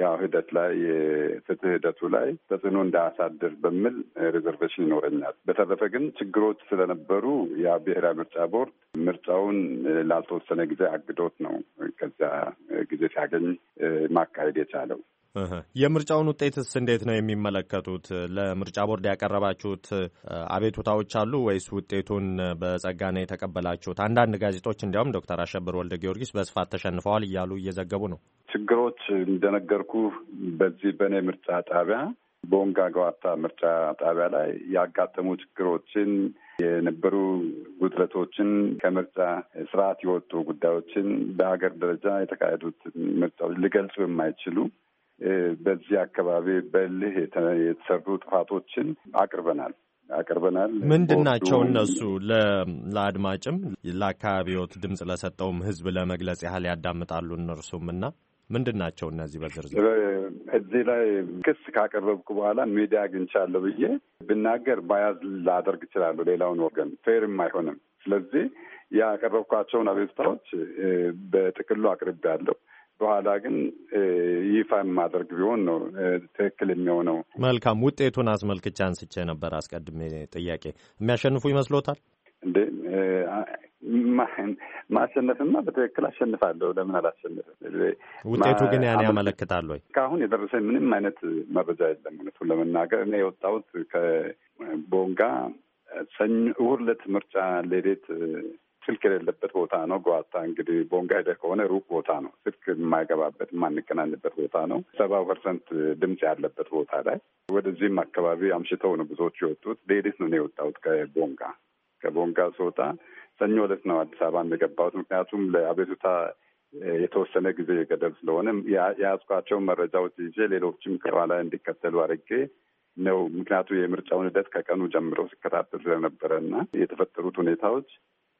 ያው ሂደት ላይ የፍትህ ሂደቱ ላይ ተጽዕኖ እንዳያሳድር በሚል ሪዘርቬሽን ይኖረኛል። በተረፈ ግን ችግሮች ስለነበሩ ያ ብሔራዊ ምርጫ ቦርድ ምርጫውን ላልተወሰነ ጊዜ አግዶት ነው ከዚያ ጊዜ ሲያገኝ ማካሄድ የቻለው። የምርጫውን ውጤትስ እንዴት ነው የሚመለከቱት? ለምርጫ ቦርድ ያቀረባችሁት አቤቱታዎች አሉ ወይስ ውጤቱን በጸጋ ነው የተቀበላችሁት? አንዳንድ ጋዜጦች እንዲያውም ዶክተር አሸብር ወልደ ጊዮርጊስ በስፋት ተሸንፈዋል እያሉ እየዘገቡ ነው። ችግሮች እንደነገርኩ በዚህ በእኔ ምርጫ ጣቢያ በወንጋ ገዋታ ምርጫ ጣቢያ ላይ ያጋጠሙ ችግሮችን የነበሩ ጉድለቶችን ከምርጫ ስርዓት የወጡ ጉዳዮችን በሀገር ደረጃ የተካሄዱት ምርጫዎች ሊገልጹ የማይችሉ በዚህ አካባቢ በልህ የተሰሩ ጥፋቶችን አቅርበናል አቅርበናል። ምንድን ናቸው እነሱ? ለአድማጭም ለአካባቢዎት ድምፅ ለሰጠውም ህዝብ ለመግለጽ ያህል ያዳምጣሉ እነርሱም እና ምንድን ናቸው እነዚህ በዝርዝር እዚህ ላይ ክስ ካቀረብኩ በኋላ ሚዲያ አግኝቻለሁ ብዬ ብናገር ባያዝ ላደርግ እችላለሁ። ሌላውን ወገን ፌርም አይሆንም። ስለዚህ ያቀረብኳቸውን አቤቱታዎች በጥቅሉ አቅርቤያለሁ። በኋላ ግን ይፋ የማደርግ ቢሆን ነው ትክክል የሚሆነው። መልካም ውጤቱን አስመልክቼ አንስቼ ነበር አስቀድሜ ጥያቄ። የሚያሸንፉ ይመስሎታል? ማሸነፍማ በትክክል አሸንፋለሁ። ለምን አላሸንፍም? ውጤቱ ግን ያን ያመለክታል ወይ? ከአሁን የደረሰኝ ምንም አይነት መረጃ የለም። እውነቱን ለመናገር እኔ የወጣሁት ከቦንጋ ሰኞ እሑድ ዕለት ምርጫ ሌሌት ስልክ የሌለበት ቦታ ነው። ጓታ እንግዲህ ቦንጋ ከሆነ ሩቅ ቦታ ነው። ስልክ የማይገባበት የማንገናኝበት ቦታ ነው። ሰባ ፐርሰንት ድምፅ ያለበት ቦታ ላይ ወደዚህም አካባቢ አምሽተው ነው ብዙዎች የወጡት። ሌሊት ነው የወጣሁት ከቦንጋ ከቦንጋ ስወጣ ሰኞ ዕለት ነው አዲስ አበባ የገባሁት። ምክንያቱም ለአቤቱታ የተወሰነ ጊዜ ገደብ ስለሆነ የያዝኳቸውን መረጃዎች ይዤ ሌሎችም ከኋላ እንዲከተሉ አድርጌ ነው። ምክንያቱ የምርጫውን ሂደት ከቀኑ ጀምሮ ሲከታተል ስለነበረ እና የተፈጠሩት ሁኔታዎች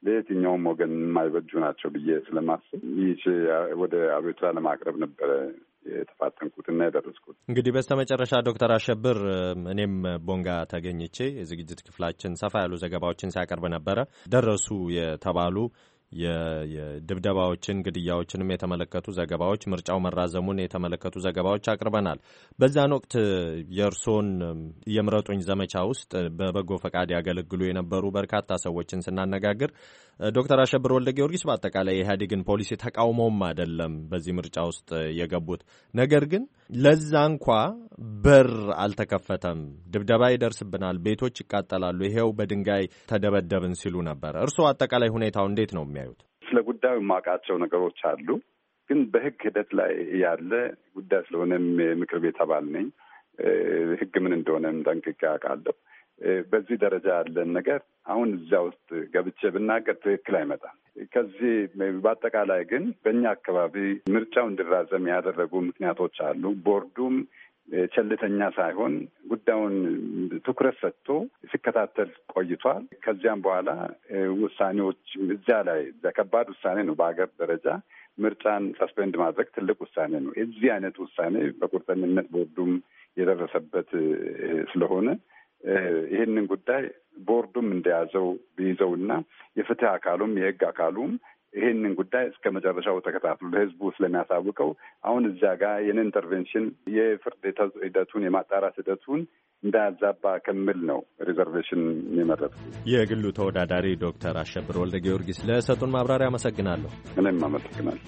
ለየትኛውም ወገን የማይበጁ ናቸው ብዬ ስለማስብ ይህ ወደ አቤቱታ ለማቅረብ ነበረ እና የደረስኩት። እንግዲህ በስተ መጨረሻ ዶክተር አሸብር እኔም ቦንጋ ተገኝቼ የዝግጅት ክፍላችን ሰፋ ያሉ ዘገባዎችን ሲያቀርብ ነበረ። ደረሱ የተባሉ የድብደባዎችን ግድያዎችንም የተመለከቱ ዘገባዎች፣ ምርጫው መራዘሙን የተመለከቱ ዘገባዎች አቅርበናል። በዛን ወቅት የእርሶን የምረጡኝ ዘመቻ ውስጥ በበጎ ፈቃድ ያገለግሉ የነበሩ በርካታ ሰዎችን ስናነጋግር ዶክተር አሸብር ወልደ ጊዮርጊስ በአጠቃላይ የኢህአዴግን ፖሊሲ ተቃውሞም አይደለም በዚህ ምርጫ ውስጥ የገቡት። ነገር ግን ለዛ እንኳ በር አልተከፈተም፣ ድብደባ ይደርስብናል፣ ቤቶች ይቃጠላሉ፣ ይሄው በድንጋይ ተደበደብን ሲሉ ነበረ። እርስዎ አጠቃላይ ሁኔታው እንዴት ነው የሚያዩት? ስለ ጉዳዩ የማውቃቸው ነገሮች አሉ፣ ግን በህግ ሂደት ላይ ያለ ጉዳይ ስለሆነም ምክር ቤት አባል ነኝ። ህግ ምን እንደሆነ ጠንቅቄ አውቃለሁ። በዚህ ደረጃ ያለን ነገር አሁን እዚያ ውስጥ ገብቼ ብናገር ትክክል አይመጣም። ከዚህ በአጠቃላይ ግን በእኛ አካባቢ ምርጫው እንዲራዘም ያደረጉ ምክንያቶች አሉ። ቦርዱም ቸልተኛ ሳይሆን ጉዳዩን ትኩረት ሰጥቶ ሲከታተል ቆይቷል። ከዚያም በኋላ ውሳኔዎች እዚያ ላይ ከባድ ውሳኔ ነው። በሀገር ደረጃ ምርጫን ሰስፔንድ ማድረግ ትልቅ ውሳኔ ነው። የዚህ አይነት ውሳኔ በቁርጠኝነት ቦርዱም የደረሰበት ስለሆነ ይህንን ጉዳይ ቦርዱም እንደያዘው እና የፍትህ አካሉም የህግ አካሉም ይህንን ጉዳይ እስከ መጨረሻው ተከታትሎ ለህዝቡ ስለሚያሳውቀው አሁን እዚያ ጋር ይህን ኢንተርቬንሽን የፍርድ ሂደቱን የማጣራት ሂደቱን እንዳያዛባ ከሚል ነው ሪዘርቬሽን የመረጥኩት። የግሉ ተወዳዳሪ ዶክተር አሸብር ወልደ ጊዮርጊስ ለሰጡን ማብራሪያ አመሰግናለሁ። እኔም አመሰግናለሁ።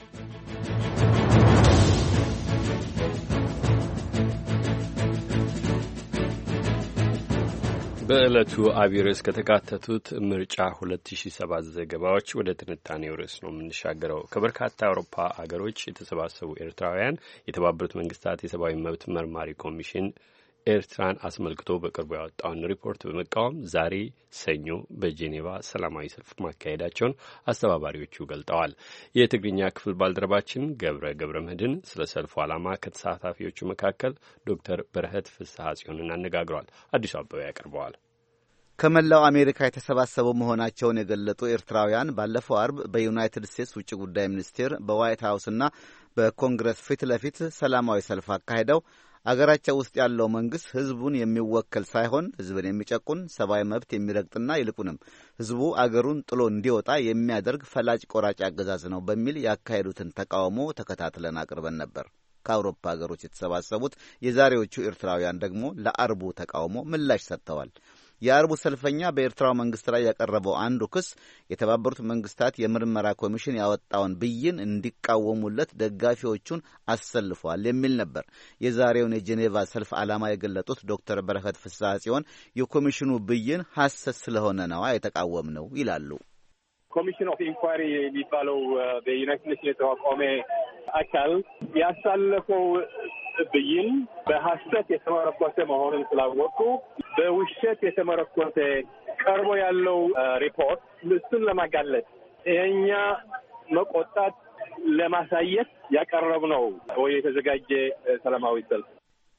በዕለቱ አቢይ ርዕስ ከተካተቱት ምርጫ 2007 ዘገባዎች ወደ ትንታኔው ርዕስ ነው የምንሻገረው። ከበርካታ የአውሮፓ አገሮች የተሰባሰቡ ኤርትራውያን የተባበሩት መንግስታት የሰብአዊ መብት መርማሪ ኮሚሽን ኤርትራን አስመልክቶ በቅርቡ ያወጣውን ሪፖርት በመቃወም ዛሬ ሰኞ በጄኔቫ ሰላማዊ ሰልፍ ማካሄዳቸውን አስተባባሪዎቹ ገልጠዋል። የትግርኛ ክፍል ባልደረባችን ገብረ ገብረ ምህድን ስለ ሰልፉ ዓላማ ከተሳታፊዎቹ መካከል ዶክተር በረኸት ፍስሐ ጽዮንን አነጋግሯል። አዲሱ አበባ ያቀርበዋል። ከመላው አሜሪካ የተሰባሰቡ መሆናቸውን የገለጡ ኤርትራውያን ባለፈው አርብ በዩናይትድ ስቴትስ ውጭ ጉዳይ ሚኒስቴር በዋይት ሀውስና በኮንግረስ ፊት ለፊት ሰላማዊ ሰልፍ አካሂደው አገራቸው ውስጥ ያለው መንግስት ህዝቡን የሚወከል ሳይሆን ህዝብን የሚጨቁን ሰብአዊ መብት የሚረግጥና ይልቁንም ህዝቡ አገሩን ጥሎ እንዲወጣ የሚያደርግ ፈላጭ ቆራጭ አገዛዝ ነው በሚል ያካሄዱትን ተቃውሞ ተከታትለን አቅርበን ነበር። ከአውሮፓ ሀገሮች የተሰባሰቡት የዛሬዎቹ ኤርትራውያን ደግሞ ለአርቡ ተቃውሞ ምላሽ ሰጥተዋል። የአርቡ ሰልፈኛ በኤርትራው መንግስት ላይ ያቀረበው አንዱ ክስ የተባበሩት መንግስታት የምርመራ ኮሚሽን ያወጣውን ብይን እንዲቃወሙለት ደጋፊዎቹን አሰልፏል የሚል ነበር። የዛሬውን የጄኔቫ ሰልፍ ዓላማ የገለጡት ዶክተር በረከት ፍስሐ ሲሆን የኮሚሽኑ ብይን ሐሰት ስለሆነ ነዋ የተቃወም ነው ይላሉ። ኮሚሽን ኦፍ ኢንኳሪ የሚባለው uh, በዩናይትድ ኔሽን የተቋቋመ አካል ያሳለፈው ብይን በሀሰት የተመረኮሰ መሆኑን ስላወቁ በውሸት የተመረኮሰ ቀርቦ ያለው uh, ሪፖርት እሱን ለማጋለጥ የእኛ መቆጣት ለማሳየት ነው ወይ የተዘጋጀ ሰላማዊ ሰልፍ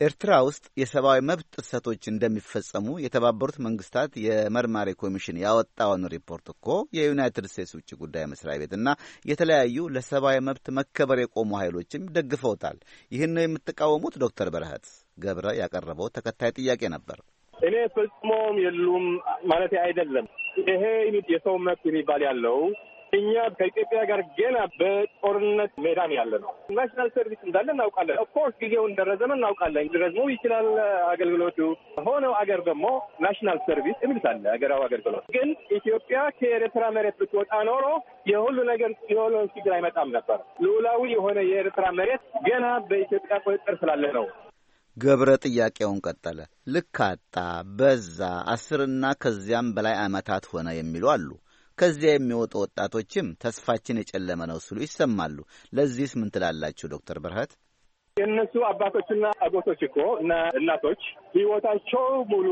ኤርትራ ውስጥ የሰብአዊ መብት ጥሰቶች እንደሚፈጸሙ የተባበሩት መንግስታት የመርማሪ ኮሚሽን ያወጣውን ሪፖርት እኮ የዩናይትድ ስቴትስ ውጭ ጉዳይ መስሪያ ቤትና የተለያዩ ለሰብአዊ መብት መከበር የቆሙ ኃይሎችም ደግፈውታል። ይህን ነው የምትቃወሙት? ዶክተር በረሀት ገብረ ያቀረበው ተከታይ ጥያቄ ነበር። እኔ ፈጽሞም የሉም ማለት አይደለም። ይሄ የሰው መብት የሚባል ያለው እኛ ከኢትዮጵያ ጋር ገና በጦርነት ሜዳን ያለ ነው። ናሽናል ሰርቪስ እንዳለ እናውቃለን። ኦፍኮርስ ጊዜው እንደረዘመ እናውቃለን። ሊረዝሙ ይችላል አገልግሎቱ። ሆነው አገር ደግሞ ናሽናል ሰርቪስ እምልታለ ሀገራዊ አገልግሎት ግን ኢትዮጵያ ከኤርትራ መሬት ብትወጣ ኖሮ የሁሉ ነገር የሆነውን ችግር አይመጣም ነበር። ልዑላዊ የሆነ የኤርትራ መሬት ገና በኢትዮጵያ ቁጥጥር ስላለ ነው። ገብረ ጥያቄውን ቀጠለ። ልካታ በዛ አስርና ከዚያም በላይ ዓመታት ሆነ የሚሉ አሉ። ከዚያ የሚወጡ ወጣቶችም ተስፋችን የጨለመ ነው ሲሉ ይሰማሉ። ለዚህስ ምን ትላላችሁ ዶክተር ብርሃት? የእነሱ አባቶችና አጎቶች እኮ እና እናቶች ህይወታቸው ሙሉ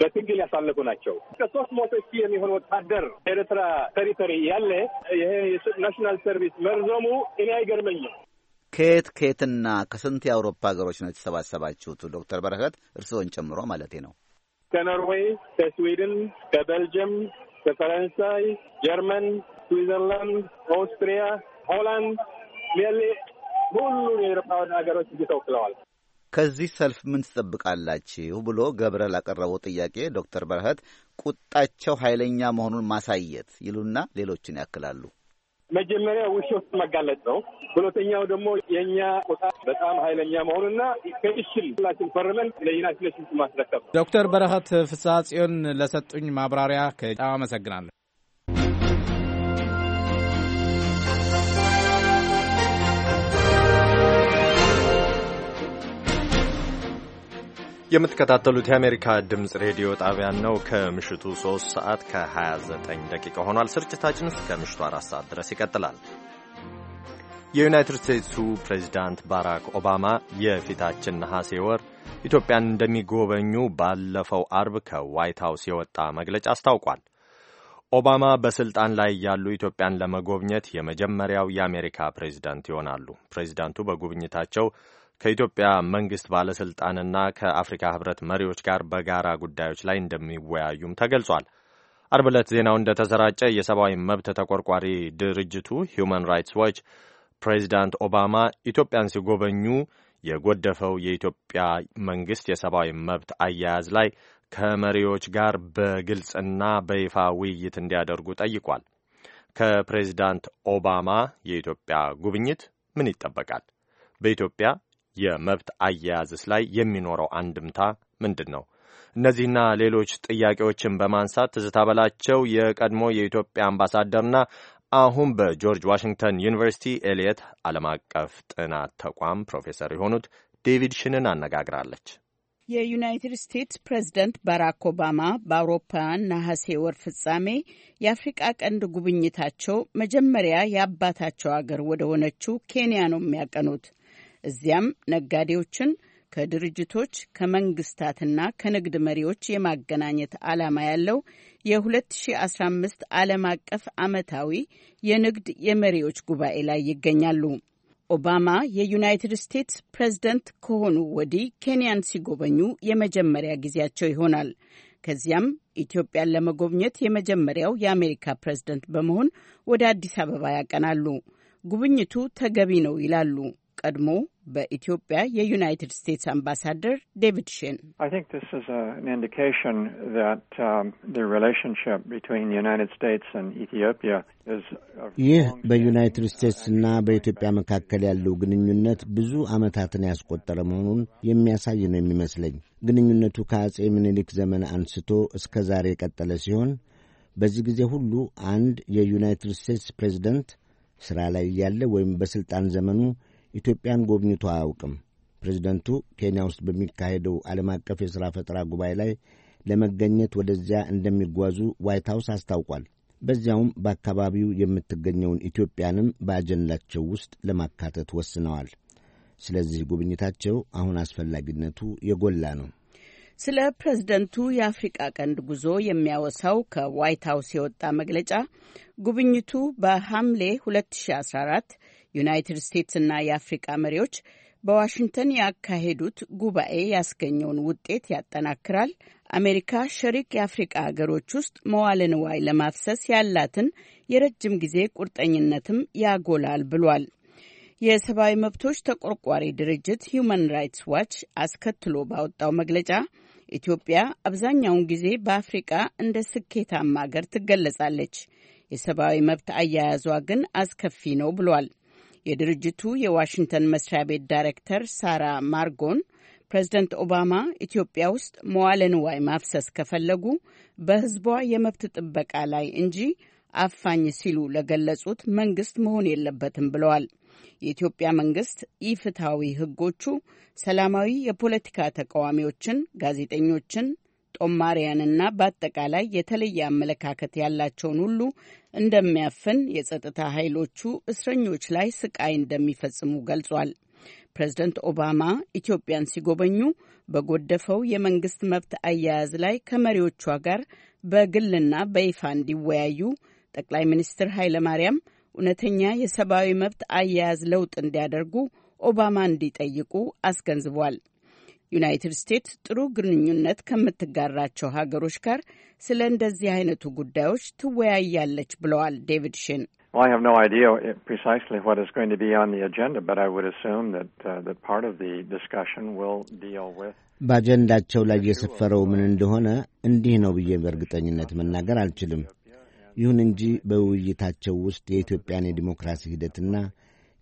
በትግል ያሳለፉ ናቸው። ከሶስት መቶ ሺ የሚሆን ወታደር ኤርትራ ቴሪቶሪ ያለ ይሄ ናሽናል ሰርቪስ መርዘሙ እኔ አይገርመኝም። ከየት ከየትና ከስንት የአውሮፓ ሀገሮች ነው የተሰባሰባችሁት? ዶክተር በረከት እርስዎን ጨምሮ ማለቴ ነው። ከኖርዌይ፣ ከስዊድን፣ ከቤልጅየም፣ ከፈረንሳይ፣ ጀርመን፣ ስዊዘርላንድ፣ ኦስትሪያ፣ ሆላንድ ሜሌ ሁሉ የኤሮፓውያን ሀገሮች እጅ ተወክለዋል። ከዚህ ሰልፍ ምን ትጠብቃላችሁ ብሎ ገብረ ላቀረበው ጥያቄ ዶክተር በረሀት ቁጣቸው ኃይለኛ መሆኑን ማሳየት ይሉና ሌሎችን ያክላሉ። መጀመሪያ ውሾት መጋለጥ ነው። ሁለተኛው ደግሞ የእኛ ቆጣ በጣም ኃይለኛ መሆኑና ከእሽል ሁላችን ፈርመን ለዩናይትድ ኔሽንስ ማስረከብ። ዶክተር በረከት ፍስሐ ጽዮን ለሰጡኝ ማብራሪያ ከጣም አመሰግናለሁ። የምትከታተሉት የአሜሪካ ድምፅ ሬዲዮ ጣቢያን ነው። ከምሽቱ 3 ሰዓት ከ29 ደቂቃ ሆኗል። ስርጭታችን እስከ ምሽቱ 4 ሰዓት ድረስ ይቀጥላል። የዩናይትድ ስቴትሱ ፕሬዚዳንት ባራክ ኦባማ የፊታችን ነሐሴ ወር ኢትዮጵያን እንደሚጎበኙ ባለፈው አርብ ከዋይት ሀውስ የወጣ መግለጫ አስታውቋል። ኦባማ በስልጣን ላይ ያሉ ኢትዮጵያን ለመጎብኘት የመጀመሪያው የአሜሪካ ፕሬዚዳንት ይሆናሉ። ፕሬዚዳንቱ በጉብኝታቸው ከኢትዮጵያ መንግስት ባለሥልጣንና ከአፍሪካ ህብረት መሪዎች ጋር በጋራ ጉዳዮች ላይ እንደሚወያዩም ተገልጿል። አርብ ዕለት ዜናው እንደተሰራጨ የሰብአዊ መብት ተቆርቋሪ ድርጅቱ ሂዩማን ራይትስ ዋች ፕሬዚዳንት ኦባማ ኢትዮጵያን ሲጎበኙ የጎደፈው የኢትዮጵያ መንግስት የሰብአዊ መብት አያያዝ ላይ ከመሪዎች ጋር በግልጽና በይፋ ውይይት እንዲያደርጉ ጠይቋል። ከፕሬዚዳንት ኦባማ የኢትዮጵያ ጉብኝት ምን ይጠበቃል? በኢትዮጵያ የመብት አያያዝስ ላይ የሚኖረው አንድምታ ምንድን ነው? እነዚህና ሌሎች ጥያቄዎችን በማንሳት ትዝታ በላቸው የቀድሞ የኢትዮጵያ አምባሳደርና አሁን በጆርጅ ዋሽንግተን ዩኒቨርሲቲ ኤልየት ዓለም አቀፍ ጥናት ተቋም ፕሮፌሰር የሆኑት ዴቪድ ሽንን አነጋግራለች። የዩናይትድ ስቴትስ ፕሬዝደንት ባራክ ኦባማ በአውሮፓውያን ነሐሴ ወር ፍጻሜ የአፍሪቃ ቀንድ ጉብኝታቸው መጀመሪያ የአባታቸው አገር ወደ ሆነችው ኬንያ ነው የሚያቀኑት። እዚያም ነጋዴዎችን ከድርጅቶች ከመንግስታትና ከንግድ መሪዎች የማገናኘት ዓላማ ያለው የ2015 ዓለም አቀፍ ዓመታዊ የንግድ የመሪዎች ጉባኤ ላይ ይገኛሉ። ኦባማ የዩናይትድ ስቴትስ ፕሬዝደንት ከሆኑ ወዲህ ኬንያን ሲጎበኙ የመጀመሪያ ጊዜያቸው ይሆናል። ከዚያም ኢትዮጵያን ለመጎብኘት የመጀመሪያው የአሜሪካ ፕሬዝደንት በመሆን ወደ አዲስ አበባ ያቀናሉ። ጉብኝቱ ተገቢ ነው ይላሉ ቀድሞ በኢትዮጵያ የዩናይትድ ስቴትስ አምባሳደር ዴቪድ ሼን um, ይህ በዩናይትድ ስቴትስና በኢትዮጵያ መካከል ያለው ግንኙነት ብዙ ዓመታትን ያስቆጠረ መሆኑን የሚያሳይ ነው የሚመስለኝ። ግንኙነቱ ከአጼ ምኒልክ ዘመን አንስቶ እስከ ዛሬ የቀጠለ ሲሆን በዚህ ጊዜ ሁሉ አንድ የዩናይትድ ስቴትስ ፕሬዚደንት ሥራ ላይ እያለ ወይም በሥልጣን ዘመኑ ኢትዮጵያን ጎብኝቶ አያውቅም። ፕሬዚደንቱ ኬንያ ውስጥ በሚካሄደው ዓለም አቀፍ የሥራ ፈጠራ ጉባኤ ላይ ለመገኘት ወደዚያ እንደሚጓዙ ዋይት ሐውስ አስታውቋል። በዚያውም በአካባቢው የምትገኘውን ኢትዮጵያንም በአጀንዳቸው ውስጥ ለማካተት ወስነዋል። ስለዚህ ጉብኝታቸው አሁን አስፈላጊነቱ የጎላ ነው። ስለ ፕሬዝደንቱ የአፍሪቃ ቀንድ ጉዞ የሚያወሳው ከዋይት ሀውስ የወጣ መግለጫ ጉብኝቱ በሐምሌ 2014 ዩናይትድ እና የአፍሪቃ መሪዎች በዋሽንግተን ያካሄዱት ጉባኤ ያስገኘውን ውጤት ያጠናክራል። አሜሪካ ሸሪክ የአፍሪቃ ሀገሮች ውስጥ መዋለ ንዋይ ለማፍሰስ ያላትን የረጅም ጊዜ ቁርጠኝነትም ያጎላል ብሏል። የሰብአዊ መብቶች ተቆርቋሪ ድርጅት ሂዩማን ራይትስ ዋች አስከትሎ ባወጣው መግለጫ ኢትዮጵያ አብዛኛውን ጊዜ በአፍሪቃ እንደ ስኬታማ ሀገር ትገለጻለች፣ የሰብአዊ መብት አያያዟ ግን አስከፊ ነው ብሏል። የድርጅቱ የዋሽንግተን መስሪያ ቤት ዳይሬክተር ሳራ ማርጎን ፕሬዝደንት ኦባማ ኢትዮጵያ ውስጥ መዋለ ንዋይ ማፍሰስ ከፈለጉ በሕዝቧ የመብት ጥበቃ ላይ እንጂ አፋኝ ሲሉ ለገለጹት መንግስት መሆን የለበትም ብለዋል። የኢትዮጵያ መንግስት ኢፍትሐዊ ህጎቹ ሰላማዊ የፖለቲካ ተቃዋሚዎችን፣ ጋዜጠኞችን ጦማሪያንና በአጠቃላይ የተለየ አመለካከት ያላቸውን ሁሉ እንደሚያፍን፣ የጸጥታ ኃይሎቹ እስረኞች ላይ ስቃይ እንደሚፈጽሙ ገልጿል። ፕሬዝደንት ኦባማ ኢትዮጵያን ሲጎበኙ በጎደፈው የመንግስት መብት አያያዝ ላይ ከመሪዎቿ ጋር በግልና በይፋ እንዲወያዩ ጠቅላይ ሚኒስትር ኃይለማርያም እውነተኛ የሰብአዊ መብት አያያዝ ለውጥ እንዲያደርጉ ኦባማ እንዲጠይቁ አስገንዝቧል። ዩናይትድ ስቴትስ ጥሩ ግንኙነት ከምትጋራቸው ሀገሮች ጋር ስለ እንደዚህ አይነቱ ጉዳዮች ትወያያለች ብለዋል ዴቪድ ሽን። uh, በአጀንዳቸው ላይ የሰፈረው ምን እንደሆነ እንዲህ ነው ብዬ በእርግጠኝነት መናገር አልችልም። ይሁን እንጂ በውይይታቸው ውስጥ የኢትዮጵያን የዲሞክራሲ ሂደትና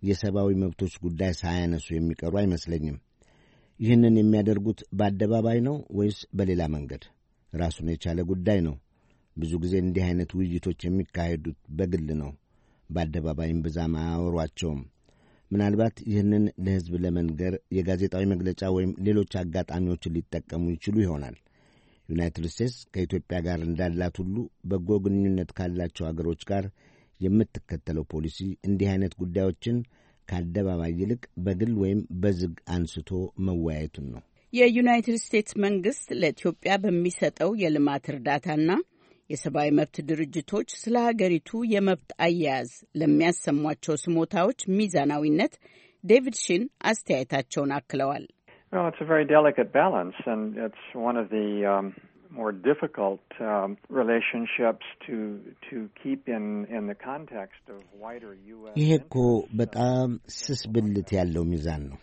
የሰብአዊ መብቶች ጉዳይ ሳያነሱ የሚቀሩ አይመስለኝም። ይህንን የሚያደርጉት በአደባባይ ነው ወይስ በሌላ መንገድ? ራሱን የቻለ ጉዳይ ነው። ብዙ ጊዜ እንዲህ አይነት ውይይቶች የሚካሄዱት በግል ነው። በአደባባይም ብዛም አያወሯቸውም። ምናልባት ይህንን ለሕዝብ ለመንገር የጋዜጣዊ መግለጫ ወይም ሌሎች አጋጣሚዎችን ሊጠቀሙ ይችሉ ይሆናል። ዩናይትድ ስቴትስ ከኢትዮጵያ ጋር እንዳላት ሁሉ በጎ ግንኙነት ካላቸው አገሮች ጋር የምትከተለው ፖሊሲ እንዲህ አይነት ጉዳዮችን ከአደባባይ ይልቅ በግል ወይም በዝግ አንስቶ መወያየቱን ነው። የዩናይትድ ስቴትስ መንግስት ለኢትዮጵያ በሚሰጠው የልማት እርዳታና የሰብአዊ መብት ድርጅቶች ስለ ሀገሪቱ የመብት አያያዝ ለሚያሰሟቸው ስሞታዎች ሚዛናዊነት ዴቪድ ሺን አስተያየታቸውን አክለዋል። more difficult um, relationships to to keep in in the context of wider U.S. ይሄ እኮ በጣም ስስ ብልት ያለው ሚዛን ነው።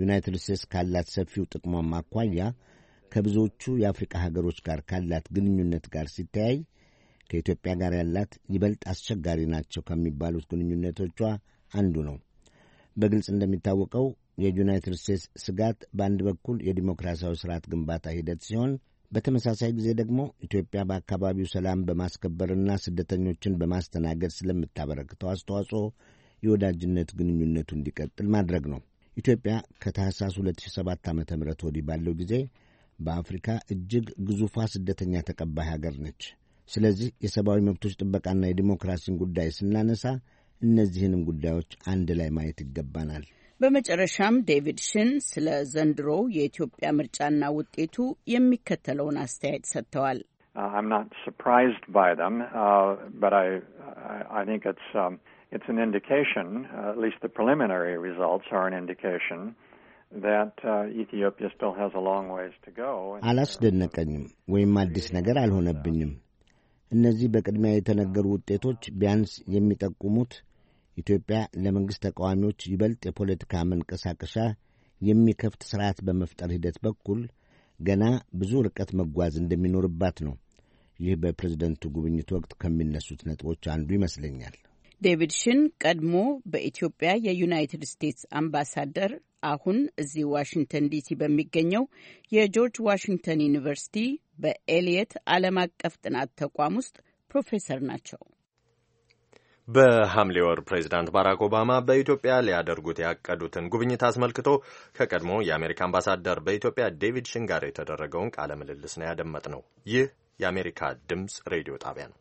ዩናይትድ ስቴትስ ካላት ሰፊው ጥቅሟም አኳያ ከብዙዎቹ የአፍሪቃ ሀገሮች ጋር ካላት ግንኙነት ጋር ሲተያይ ከኢትዮጵያ ጋር ያላት ይበልጥ አስቸጋሪ ናቸው ከሚባሉት ግንኙነቶቿ አንዱ ነው። በግልጽ እንደሚታወቀው የዩናይትድ ስቴትስ ስጋት በአንድ በኩል የዲሞክራሲያዊ ስርዓት ግንባታ ሂደት ሲሆን በተመሳሳይ ጊዜ ደግሞ ኢትዮጵያ በአካባቢው ሰላም በማስከበርና ስደተኞችን በማስተናገድ ስለምታበረክተው አስተዋጽኦ የወዳጅነት ግንኙነቱ እንዲቀጥል ማድረግ ነው። ኢትዮጵያ ከታህሳስ 2007 ዓ ም ወዲህ ባለው ጊዜ በአፍሪካ እጅግ ግዙፏ ስደተኛ ተቀባይ ሀገር ነች። ስለዚህ የሰብአዊ መብቶች ጥበቃና የዲሞክራሲን ጉዳይ ስናነሳ እነዚህንም ጉዳዮች አንድ ላይ ማየት ይገባናል። i uh, I'm not surprised by them, uh, but I, I think it's, um, it's an indication, uh, at least the preliminary results are an indication, that Ethiopia still has a long ways to go. አላስደነቀኝም ወይም አዲስ ነገር አልሆነብኝም። እነዚህ በቅድሚያ የተነገሩ ውጤቶች ቢያንስ የሚጠቁሙት ኢትዮጵያ ለመንግሥት ተቃዋሚዎች ይበልጥ የፖለቲካ መንቀሳቀሻ የሚከፍት ስርዓት በመፍጠር ሂደት በኩል ገና ብዙ ርቀት መጓዝ እንደሚኖርባት ነው። ይህ በፕሬዝደንቱ ጉብኝት ወቅት ከሚነሱት ነጥቦች አንዱ ይመስለኛል። ዴቪድ ሽን ቀድሞ በኢትዮጵያ የዩናይትድ ስቴትስ አምባሳደር፣ አሁን እዚህ ዋሽንግተን ዲሲ በሚገኘው የጆርጅ ዋሽንግተን ዩኒቨርሲቲ በኤልየት ዓለም አቀፍ ጥናት ተቋም ውስጥ ፕሮፌሰር ናቸው። በሐምሌ ወር ፕሬዚዳንት ባራክ ኦባማ በኢትዮጵያ ሊያደርጉት ያቀዱትን ጉብኝት አስመልክቶ ከቀድሞ የአሜሪካ አምባሳደር በኢትዮጵያ ዴቪድ ሽን ጋር የተደረገውን ቃለ ምልልስ ነው ያደመጥ ነው። ይህ የአሜሪካ ድምፅ ሬዲዮ ጣቢያ ነው።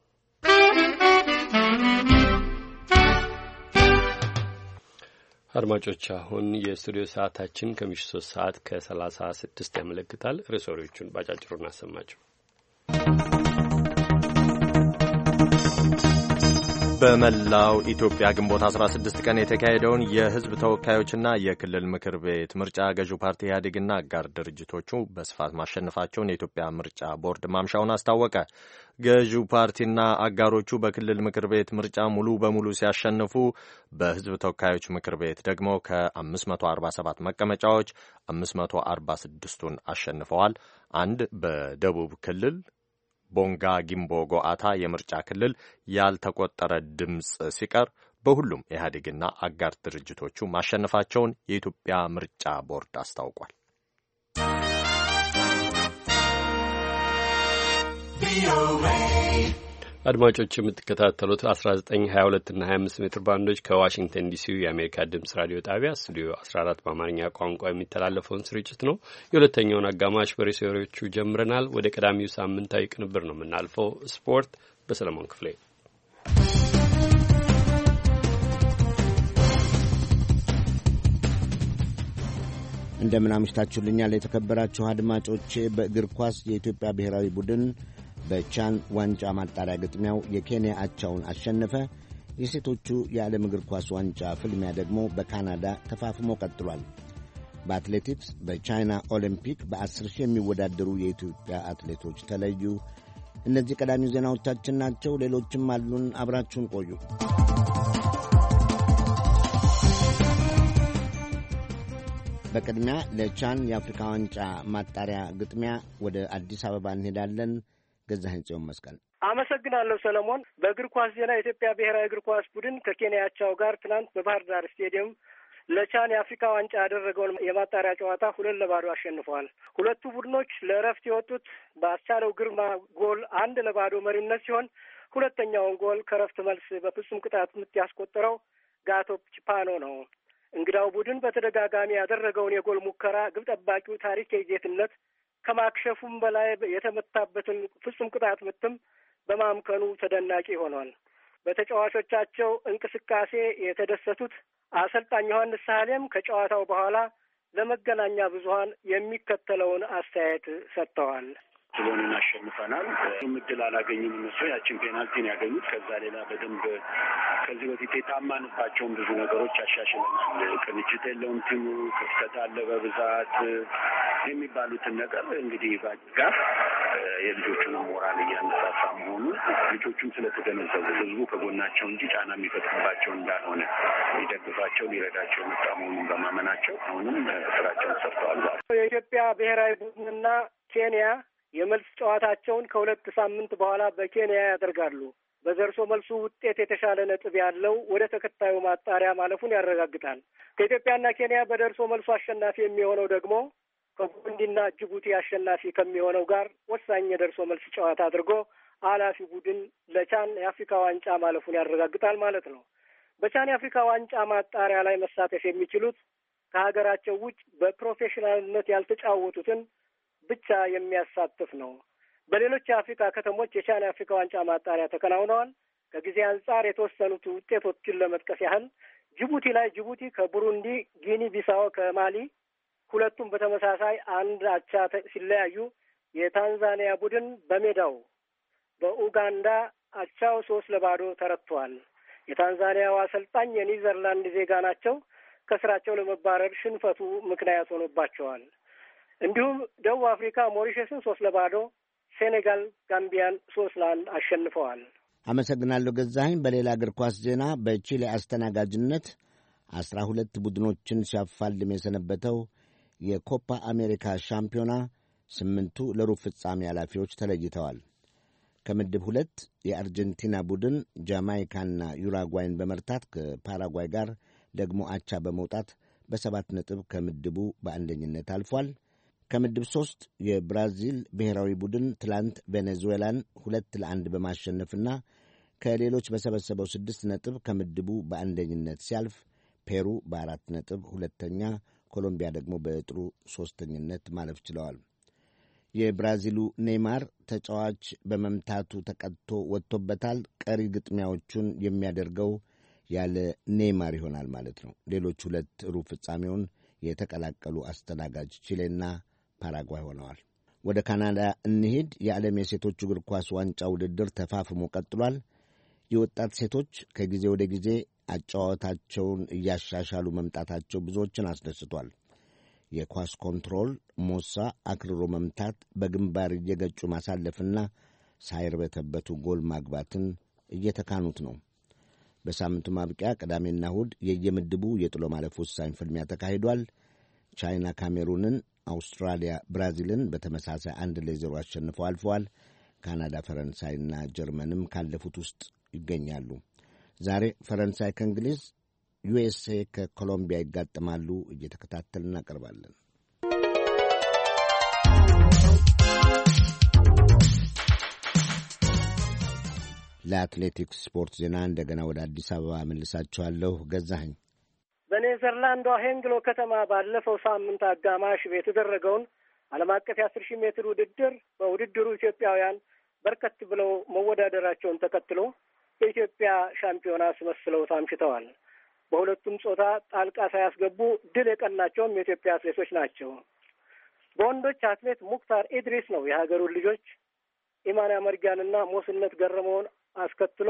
አድማጮች አሁን የስቱዲዮ ሰዓታችን ከምሽቱ ሶስት ሰዓት ከሰላሳ ስድስት ያመለክታል። ርዕሰ ወሬዎቹን ባጫጭሩ እናሰማቸው። በመላው ኢትዮጵያ ግንቦት 16 ቀን የተካሄደውን የሕዝብ ተወካዮችና የክልል ምክር ቤት ምርጫ ገዢው ፓርቲ ኢህአዴግና አጋር ድርጅቶቹ በስፋት ማሸነፋቸውን የኢትዮጵያ ምርጫ ቦርድ ማምሻውን አስታወቀ። ገዢው ፓርቲና አጋሮቹ በክልል ምክር ቤት ምርጫ ሙሉ በሙሉ ሲያሸንፉ፣ በሕዝብ ተወካዮች ምክር ቤት ደግሞ ከ547 መቀመጫዎች 546ቱን አሸንፈዋል። አንድ በደቡብ ክልል ቦንጋ ጊምቦ ጎአታ የምርጫ ክልል ያልተቆጠረ ድምፅ ሲቀር በሁሉም ኢህአዴግና አጋር ድርጅቶቹ ማሸነፋቸውን የኢትዮጵያ ምርጫ ቦርድ አስታውቋል። ቪኦኤ አድማጮች የምትከታተሉት 1922 ና 25 ሜትር ባንዶች ከዋሽንግተን ዲሲ የአሜሪካ ድምጽ ራዲዮ ጣቢያ ስቱዲዮ 14 በአማርኛ ቋንቋ የሚተላለፈውን ስርጭት ነው። የሁለተኛውን አጋማሽ በርዕሰ ጀምረናል። ወደ ቀዳሚው ሳምንታዊ ቅንብር ነው የምናልፈው። ስፖርት በሰለሞን ክፍሌ እንደምን አምሽታችሁልኛል የተከበራችሁ አድማጮቼ። በእግር ኳስ የኢትዮጵያ ብሔራዊ ቡድን በቻን ዋንጫ ማጣሪያ ግጥሚያው የኬንያ አቻውን አሸነፈ። የሴቶቹ የዓለም እግር ኳስ ዋንጫ ፍልሚያ ደግሞ በካናዳ ተፋፍሞ ቀጥሏል። በአትሌቲክስ በቻይና ኦሊምፒክ በ10 ሺህ የሚወዳደሩ የኢትዮጵያ አትሌቶች ተለዩ። እነዚህ ቀዳሚ ዜናዎቻችን ናቸው። ሌሎችም አሉን። አብራችሁን ቆዩ። በቅድሚያ ለቻን የአፍሪካ ዋንጫ ማጣሪያ ግጥሚያ ወደ አዲስ አበባ እንሄዳለን። ገዛኸኝ ጽዮን መስቀል አመሰግናለሁ ሰለሞን። በእግር ኳስ ዜና የኢትዮጵያ ብሔራዊ እግር ኳስ ቡድን ከኬንያቻው ጋር ትናንት በባህር ዳር ስቴዲየም ለቻን የአፍሪካ ዋንጫ ያደረገውን የማጣሪያ ጨዋታ ሁለት ለባዶ አሸንፈዋል። ሁለቱ ቡድኖች ለእረፍት የወጡት በአስቻለው ግርማ ጎል አንድ ለባዶ መሪነት ሲሆን ሁለተኛውን ጎል ከእረፍት መልስ በፍጹም ቅጣት ምት ያስቆጠረው ጋቶ ቺፓኖ ነው። እንግዳው ቡድን በተደጋጋሚ ያደረገውን የጎል ሙከራ ግብ ጠባቂው ታሪክ የጌትነት ከማክሸፉም በላይ የተመታበትን ፍጹም ቅጣት ምትም በማምከኑ ተደናቂ ሆኗል። በተጫዋቾቻቸው እንቅስቃሴ የተደሰቱት አሰልጣኝ ዮሐንስ ሳህሌም ከጨዋታው በኋላ ለመገናኛ ብዙኃን የሚከተለውን አስተያየት ሰጥተዋል። ክሎንን አሸንፈናል። ም እድል አላገኙም እነሱ ያችን ፔናልቲን ያገኙት። ከዛ ሌላ በደንብ ከዚህ በፊት የታማንባቸውን ብዙ ነገሮች አሻሽለናል። ቅንጅት የለውም ቲሙ፣ ክፍተት አለ በብዛት የሚባሉትን ነገር እንግዲህ ጋር የልጆቹን ሞራል እያነሳሳ መሆኑ ልጆቹም ስለተገነዘቡ ህዝቡ ከጎናቸው እንጂ ጫና የሚፈጥርባቸው እንዳልሆነ ሊደግፋቸው ሊረዳቸው የመጣ መሆኑን በማመናቸው አሁንም ስራቸውን ሰርተዋል። የኢትዮጵያ ብሔራዊ ቡድንና ኬንያ የመልስ ጨዋታቸውን ከሁለት ሳምንት በኋላ በኬንያ ያደርጋሉ። በደርሶ መልሱ ውጤት የተሻለ ነጥብ ያለው ወደ ተከታዩ ማጣሪያ ማለፉን ያረጋግጣል። ከኢትዮጵያና ኬንያ በደርሶ መልሱ አሸናፊ የሚሆነው ደግሞ በቡሩንዲና ጅቡቲ አሸናፊ ከሚሆነው ጋር ወሳኝ የደርሶ መልስ ጨዋታ አድርጎ አላፊ ቡድን ለቻን የአፍሪካ ዋንጫ ማለፉን ያረጋግጣል ማለት ነው። በቻን የአፍሪካ ዋንጫ ማጣሪያ ላይ መሳተፍ የሚችሉት ከሀገራቸው ውጭ በፕሮፌሽናልነት ያልተጫወቱትን ብቻ የሚያሳትፍ ነው። በሌሎች የአፍሪካ ከተሞች የቻን የአፍሪካ ዋንጫ ማጣሪያ ተከናውነዋል። ከጊዜ አንጻር የተወሰኑት ውጤቶችን ለመጥቀስ ያህል ጅቡቲ ላይ ጅቡቲ ከቡሩንዲ፣ ጊኒ ቢሳዎ ከማሊ ሁለቱም በተመሳሳይ አንድ አቻ ሲለያዩ የታንዛኒያ ቡድን በሜዳው በኡጋንዳ አቻው ሶስት ለባዶ ተረትተዋል። የታንዛኒያው አሰልጣኝ የኒዘርላንድ ዜጋ ናቸው። ከስራቸው ለመባረር ሽንፈቱ ምክንያት ሆኖባቸዋል። እንዲሁም ደቡብ አፍሪካ ሞሪሸስን ሶስት ለባዶ፣ ሴኔጋል ጋምቢያን ሶስት ለአንድ አሸንፈዋል። አመሰግናለሁ ገዛኸኝ። በሌላ እግር ኳስ ዜና በቺሌ አስተናጋጅነት አስራ ሁለት ቡድኖችን ሲያፋልም የሰነበተው የኮፓ አሜሪካ ሻምፒዮና ስምንቱ ለሩብ ፍጻሜ ኃላፊዎች ተለይተዋል። ከምድብ ሁለት የአርጀንቲና ቡድን ጃማይካና ዩራጓይን በመርታት ከፓራጓይ ጋር ደግሞ አቻ በመውጣት በሰባት ነጥብ ከምድቡ በአንደኝነት አልፏል። ከምድብ ሦስት የብራዚል ብሔራዊ ቡድን ትላንት ቬኔዙዌላን ሁለት ለአንድ በማሸነፍና ከሌሎች በሰበሰበው ስድስት ነጥብ ከምድቡ በአንደኝነት ሲያልፍ ፔሩ በአራት ነጥብ ሁለተኛ፣ ኮሎምቢያ ደግሞ በጥሩ ሦስተኝነት ማለፍ ችለዋል። የብራዚሉ ኔይማር ተጫዋች በመምታቱ ተቀጥቶ ወጥቶበታል። ቀሪ ግጥሚያዎቹን የሚያደርገው ያለ ኔይማር ይሆናል ማለት ነው። ሌሎች ሁለት ሩብ ፍጻሜውን የተቀላቀሉ አስተናጋጅ ቺሌና ፓራጓይ ሆነዋል። ወደ ካናዳ እንሂድ። የዓለም የሴቶች እግር ኳስ ዋንጫ ውድድር ተፋፍሞ ቀጥሏል። የወጣት ሴቶች ከጊዜ ወደ ጊዜ አጫዋታቸውን እያሻሻሉ መምጣታቸው ብዙዎችን አስደስቷል። የኳስ ኮንትሮል፣ ሞሳ፣ አክርሮ መምታት፣ በግንባር እየገጩ ማሳለፍና ሳይርበተበቱ ጎል ማግባትን እየተካኑት ነው። በሳምንቱ ማብቂያ ቅዳሜና እሁድ የየምድቡ የጥሎ ማለፍ ወሳኝ ፍልሚያ ተካሂዷል። ቻይና ካሜሩንን፣ አውስትራሊያ ብራዚልን በተመሳሳይ አንድ ለዜሮ አሸንፈው አልፈዋል። ካናዳ፣ ፈረንሳይና ጀርመንም ካለፉት ውስጥ ይገኛሉ። ዛሬ ፈረንሳይ ከእንግሊዝ፣ ዩኤስኤ ከኮሎምቢያ ይጋጠማሉ። እየተከታተል እናቀርባለን። ለአትሌቲክስ ስፖርት ዜና እንደገና ወደ አዲስ አበባ መልሳችኋለሁ። ገዛኸኝ በኔዘርላንዷ ሄንግሎ ከተማ ባለፈው ሳምንት አጋማሽ የተደረገውን ዓለም አቀፍ የአስር ሺህ ሜትር ውድድር በውድድሩ ኢትዮጵያውያን በርከት ብለው መወዳደራቸውን ተከትሎ የኢትዮጵያ ሻምፒዮና አስመስለው ታምሽተዋል። በሁለቱም ጾታ ጣልቃ ሳያስገቡ ድል የቀናቸውም የኢትዮጵያ አትሌቶች ናቸው። በወንዶች አትሌት ሙክታር ኢድሪስ ነው የሀገሩን ልጆች ኢማን መርጊያንና ሞስነት ገረመውን አስከትሎ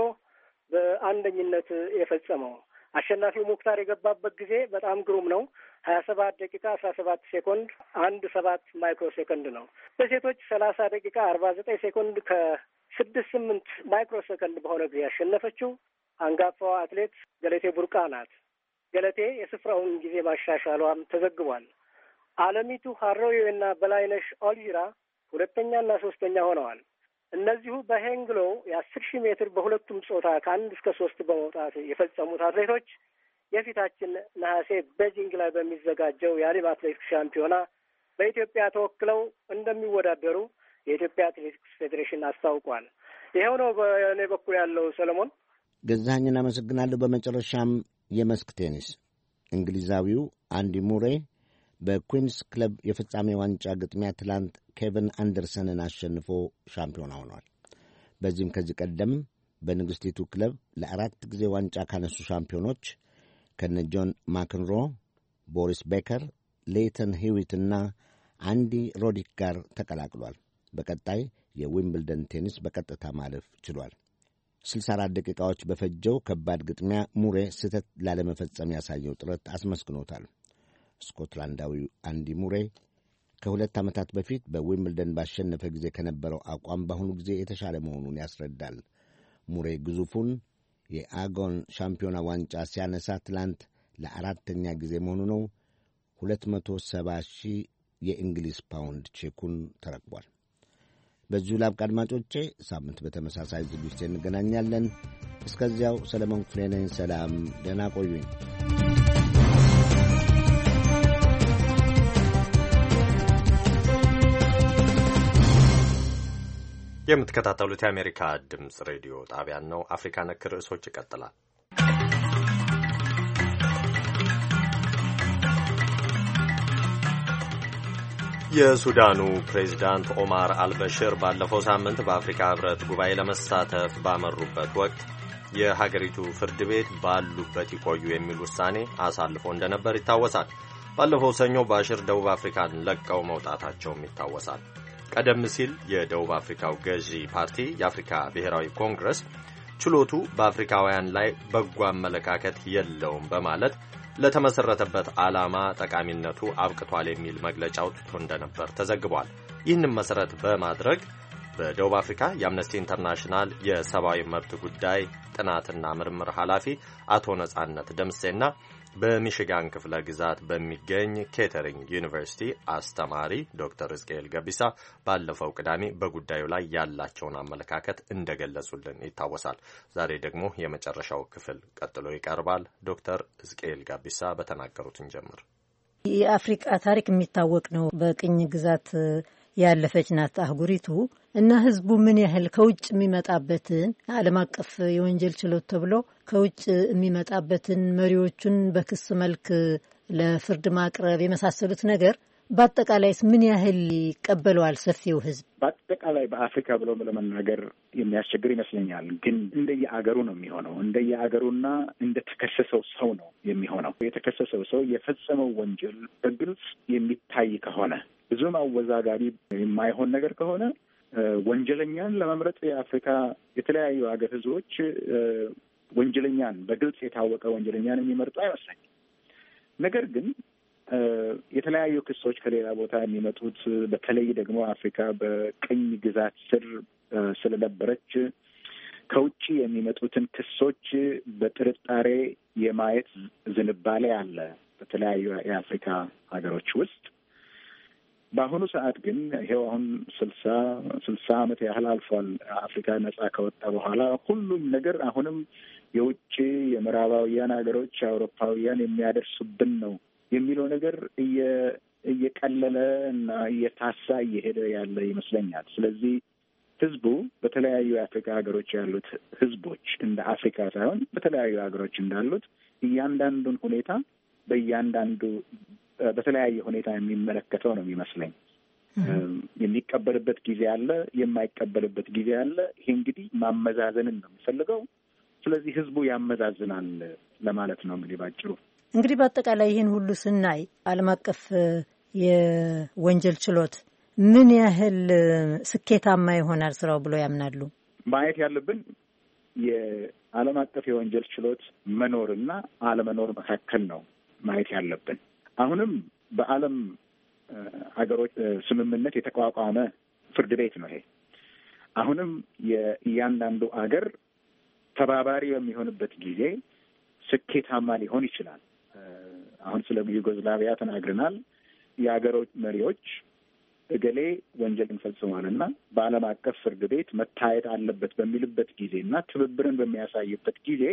በአንደኝነት የፈጸመው። አሸናፊው ሙክታር የገባበት ጊዜ በጣም ግሩም ነው። ሀያ ሰባት ደቂቃ አስራ ሰባት ሴኮንድ አንድ ሰባት ማይክሮ ሴኮንድ ነው። በሴቶች ሰላሳ ደቂቃ አርባ ዘጠኝ ሴኮንድ ከ ስድስት ስምንት ማይክሮ ሰከንድ በሆነ ጊዜ ያሸነፈችው አንጋፋዋ አትሌት ገለቴ ቡርቃ ናት። ገለቴ የስፍራውን ጊዜ ማሻሻሏም ተዘግቧል። አለሚቱ ሀረዌና በላይነሽ ኦልጂራ ሁለተኛና ሶስተኛ ሆነዋል። እነዚሁ በሄንግሎ የአስር ሺህ ሜትር በሁለቱም ጾታ ከአንድ እስከ ሶስት በመውጣት የፈጸሙት አትሌቶች የፊታችን ነሐሴ ቤጂንግ ላይ በሚዘጋጀው የዓለም አትሌቲክስ ሻምፒዮና በኢትዮጵያ ተወክለው እንደሚወዳደሩ የኢትዮጵያ አትሌቲክስ ፌዴሬሽን አስታውቋል። ይኸው ነው በእኔ በኩል ያለው። ሰለሞን ገዛኸኝን አመሰግናለሁ። በመጨረሻም የመስክ ቴኒስ እንግሊዛዊው አንዲ ሙሬ በኩዊንስ ክለብ የፍጻሜ ዋንጫ ግጥሚያ ትላንት ኬቨን አንደርሰንን አሸንፎ ሻምፒዮና ሆኗል። በዚህም ከዚህ ቀደም በንግሥቲቱ ክለብ ለአራት ጊዜ ዋንጫ ካነሱ ሻምፒዮኖች ከነ ጆን ማክንሮ፣ ቦሪስ ቤከር፣ ሌይተን ሂዊትና አንዲ ሮዲክ ጋር ተቀላቅሏል። በቀጣይ የዊምብልደን ቴኒስ በቀጥታ ማለፍ ችሏል። 64 ደቂቃዎች በፈጀው ከባድ ግጥሚያ ሙሬ ስህተት ላለመፈጸም ያሳየው ጥረት አስመስግኖታል። ስኮትላንዳዊው አንዲ ሙሬ ከሁለት ዓመታት በፊት በዊምብልደን ባሸነፈ ጊዜ ከነበረው አቋም በአሁኑ ጊዜ የተሻለ መሆኑን ያስረዳል። ሙሬ ግዙፉን የአጎን ሻምፒዮና ዋንጫ ሲያነሳ ትላንት ለአራተኛ ጊዜ መሆኑ ነው። 270 ሺህ የእንግሊዝ ፓውንድ ቼኩን ተረክቧል። በዚሁ ላብቅ አድማጮቼ። ሳምንት በተመሳሳይ ዝግጅት እንገናኛለን። እስከዚያው ሰለሞን ክፍሌ ነኝ። ሰላም፣ ደህና ቆዩኝ። የምትከታተሉት የአሜሪካ ድምፅ ሬዲዮ ጣቢያን ነው። አፍሪካ ነክ ርዕሶች ይቀጥላል። የሱዳኑ ፕሬዚዳንት ኦማር አልበሽር ባለፈው ሳምንት በአፍሪካ ህብረት ጉባኤ ለመሳተፍ ባመሩበት ወቅት የሀገሪቱ ፍርድ ቤት ባሉበት ይቆዩ የሚል ውሳኔ አሳልፎ እንደነበር ይታወሳል። ባለፈው ሰኞ ባሽር ደቡብ አፍሪካን ለቀው መውጣታቸውም ይታወሳል። ቀደም ሲል የደቡብ አፍሪካው ገዢ ፓርቲ የአፍሪካ ብሔራዊ ኮንግረስ ችሎቱ በአፍሪካውያን ላይ በጎ አመለካከት የለውም በማለት ለተመሰረተበት ዓላማ ጠቃሚነቱ አብቅቷል የሚል መግለጫ አውጥቶ እንደነበር ተዘግቧል። ይህንም መሠረት በማድረግ በደቡብ አፍሪካ የአምነስቲ ኢንተርናሽናል የሰብአዊ መብት ጉዳይ ጥናትና ምርምር ኃላፊ አቶ ነጻነት ደምሴና በሚሽጋን ክፍለ ግዛት በሚገኝ ኬተሪንግ ዩኒቨርሲቲ አስተማሪ ዶክተር እዝቅኤል ገቢሳ ባለፈው ቅዳሜ በጉዳዩ ላይ ያላቸውን አመለካከት እንደገለጹልን ይታወሳል። ዛሬ ደግሞ የመጨረሻው ክፍል ቀጥሎ ይቀርባል። ዶክተር እዝቅኤል ገቢሳ በተናገሩትን ጀምር የአፍሪቃ ታሪክ የሚታወቅ ነው። በቅኝ ግዛት ያለፈች ናት አህጉሪቱ እና ህዝቡ ምን ያህል ከውጭ የሚመጣበትን ዓለም አቀፍ የወንጀል ችሎት ተብሎ ከውጭ የሚመጣበትን መሪዎቹን በክስ መልክ ለፍርድ ማቅረብ የመሳሰሉት ነገር በአጠቃላይስ ምን ያህል ይቀበለዋል ሰፊው ህዝብ? በአጠቃላይ በአፍሪካ ብሎ ለመናገር የሚያስቸግር ይመስለኛል። ግን እንደየአገሩ ነው የሚሆነው። እንደየአገሩና እንደተከሰሰው ሰው ነው የሚሆነው። የተከሰሰው ሰው የፈጸመው ወንጀል በግልጽ የሚታይ ከሆነ ብዙም አወዛጋቢ የማይሆን ነገር ከሆነ ወንጀለኛን ለመምረጥ የአፍሪካ የተለያዩ ሀገር ህዝቦች ወንጀለኛን በግልጽ የታወቀ ወንጀለኛን የሚመርጡ አይመስለኝም። ነገር ግን የተለያዩ ክሶች ከሌላ ቦታ የሚመጡት በተለይ ደግሞ አፍሪካ በቅኝ ግዛት ስር ስለነበረች ከውጭ የሚመጡትን ክሶች በጥርጣሬ የማየት ዝንባሌ አለ በተለያዩ የአፍሪካ ሀገሮች ውስጥ በአሁኑ ሰዓት ግን ይሄው አሁን ስልሳ ስልሳ አመት ያህል አልፏል አፍሪካ ነጻ ከወጣ በኋላ ሁሉም ነገር አሁንም የውጭ የምዕራባውያን ሀገሮች አውሮፓውያን የሚያደርሱብን ነው የሚለው ነገር እየቀለለ እና እየታሳ እየሄደ ያለ ይመስለኛል። ስለዚህ ህዝቡ በተለያዩ የአፍሪካ ሀገሮች ያሉት ህዝቦች እንደ አፍሪካ ሳይሆን በተለያዩ ሀገሮች እንዳሉት እያንዳንዱን ሁኔታ በእያንዳንዱ በተለያየ ሁኔታ የሚመለከተው ነው የሚመስለኝ። የሚቀበልበት ጊዜ አለ፣ የማይቀበልበት ጊዜ አለ። ይሄ እንግዲህ ማመዛዘንን ነው የሚፈልገው። ስለዚህ ህዝቡ ያመዛዝናል ለማለት ነው እንግዲህ ባጭሩ። እንግዲህ በአጠቃላይ ይህን ሁሉ ስናይ ዓለም አቀፍ የወንጀል ችሎት ምን ያህል ስኬታማ ይሆናል ስራው ብሎ ያምናሉ? ማየት ያለብን የዓለም አቀፍ የወንጀል ችሎት መኖርና አለመኖር መካከል ነው ማየት ያለብን። አሁንም በዓለም ሀገሮች ስምምነት የተቋቋመ ፍርድ ቤት ነው ይሄ። አሁንም የእያንዳንዱ አገር ተባባሪ በሚሆንበት ጊዜ ስኬታማ ሊሆን ይችላል። አሁን ስለ ዩጎዝላቪያ ተናግረናል። የሀገሮች መሪዎች እገሌ ወንጀልን ፈጽሟልና በዓለም አቀፍ ፍርድ ቤት መታየት አለበት በሚልበት ጊዜ እና ትብብርን በሚያሳይበት ጊዜ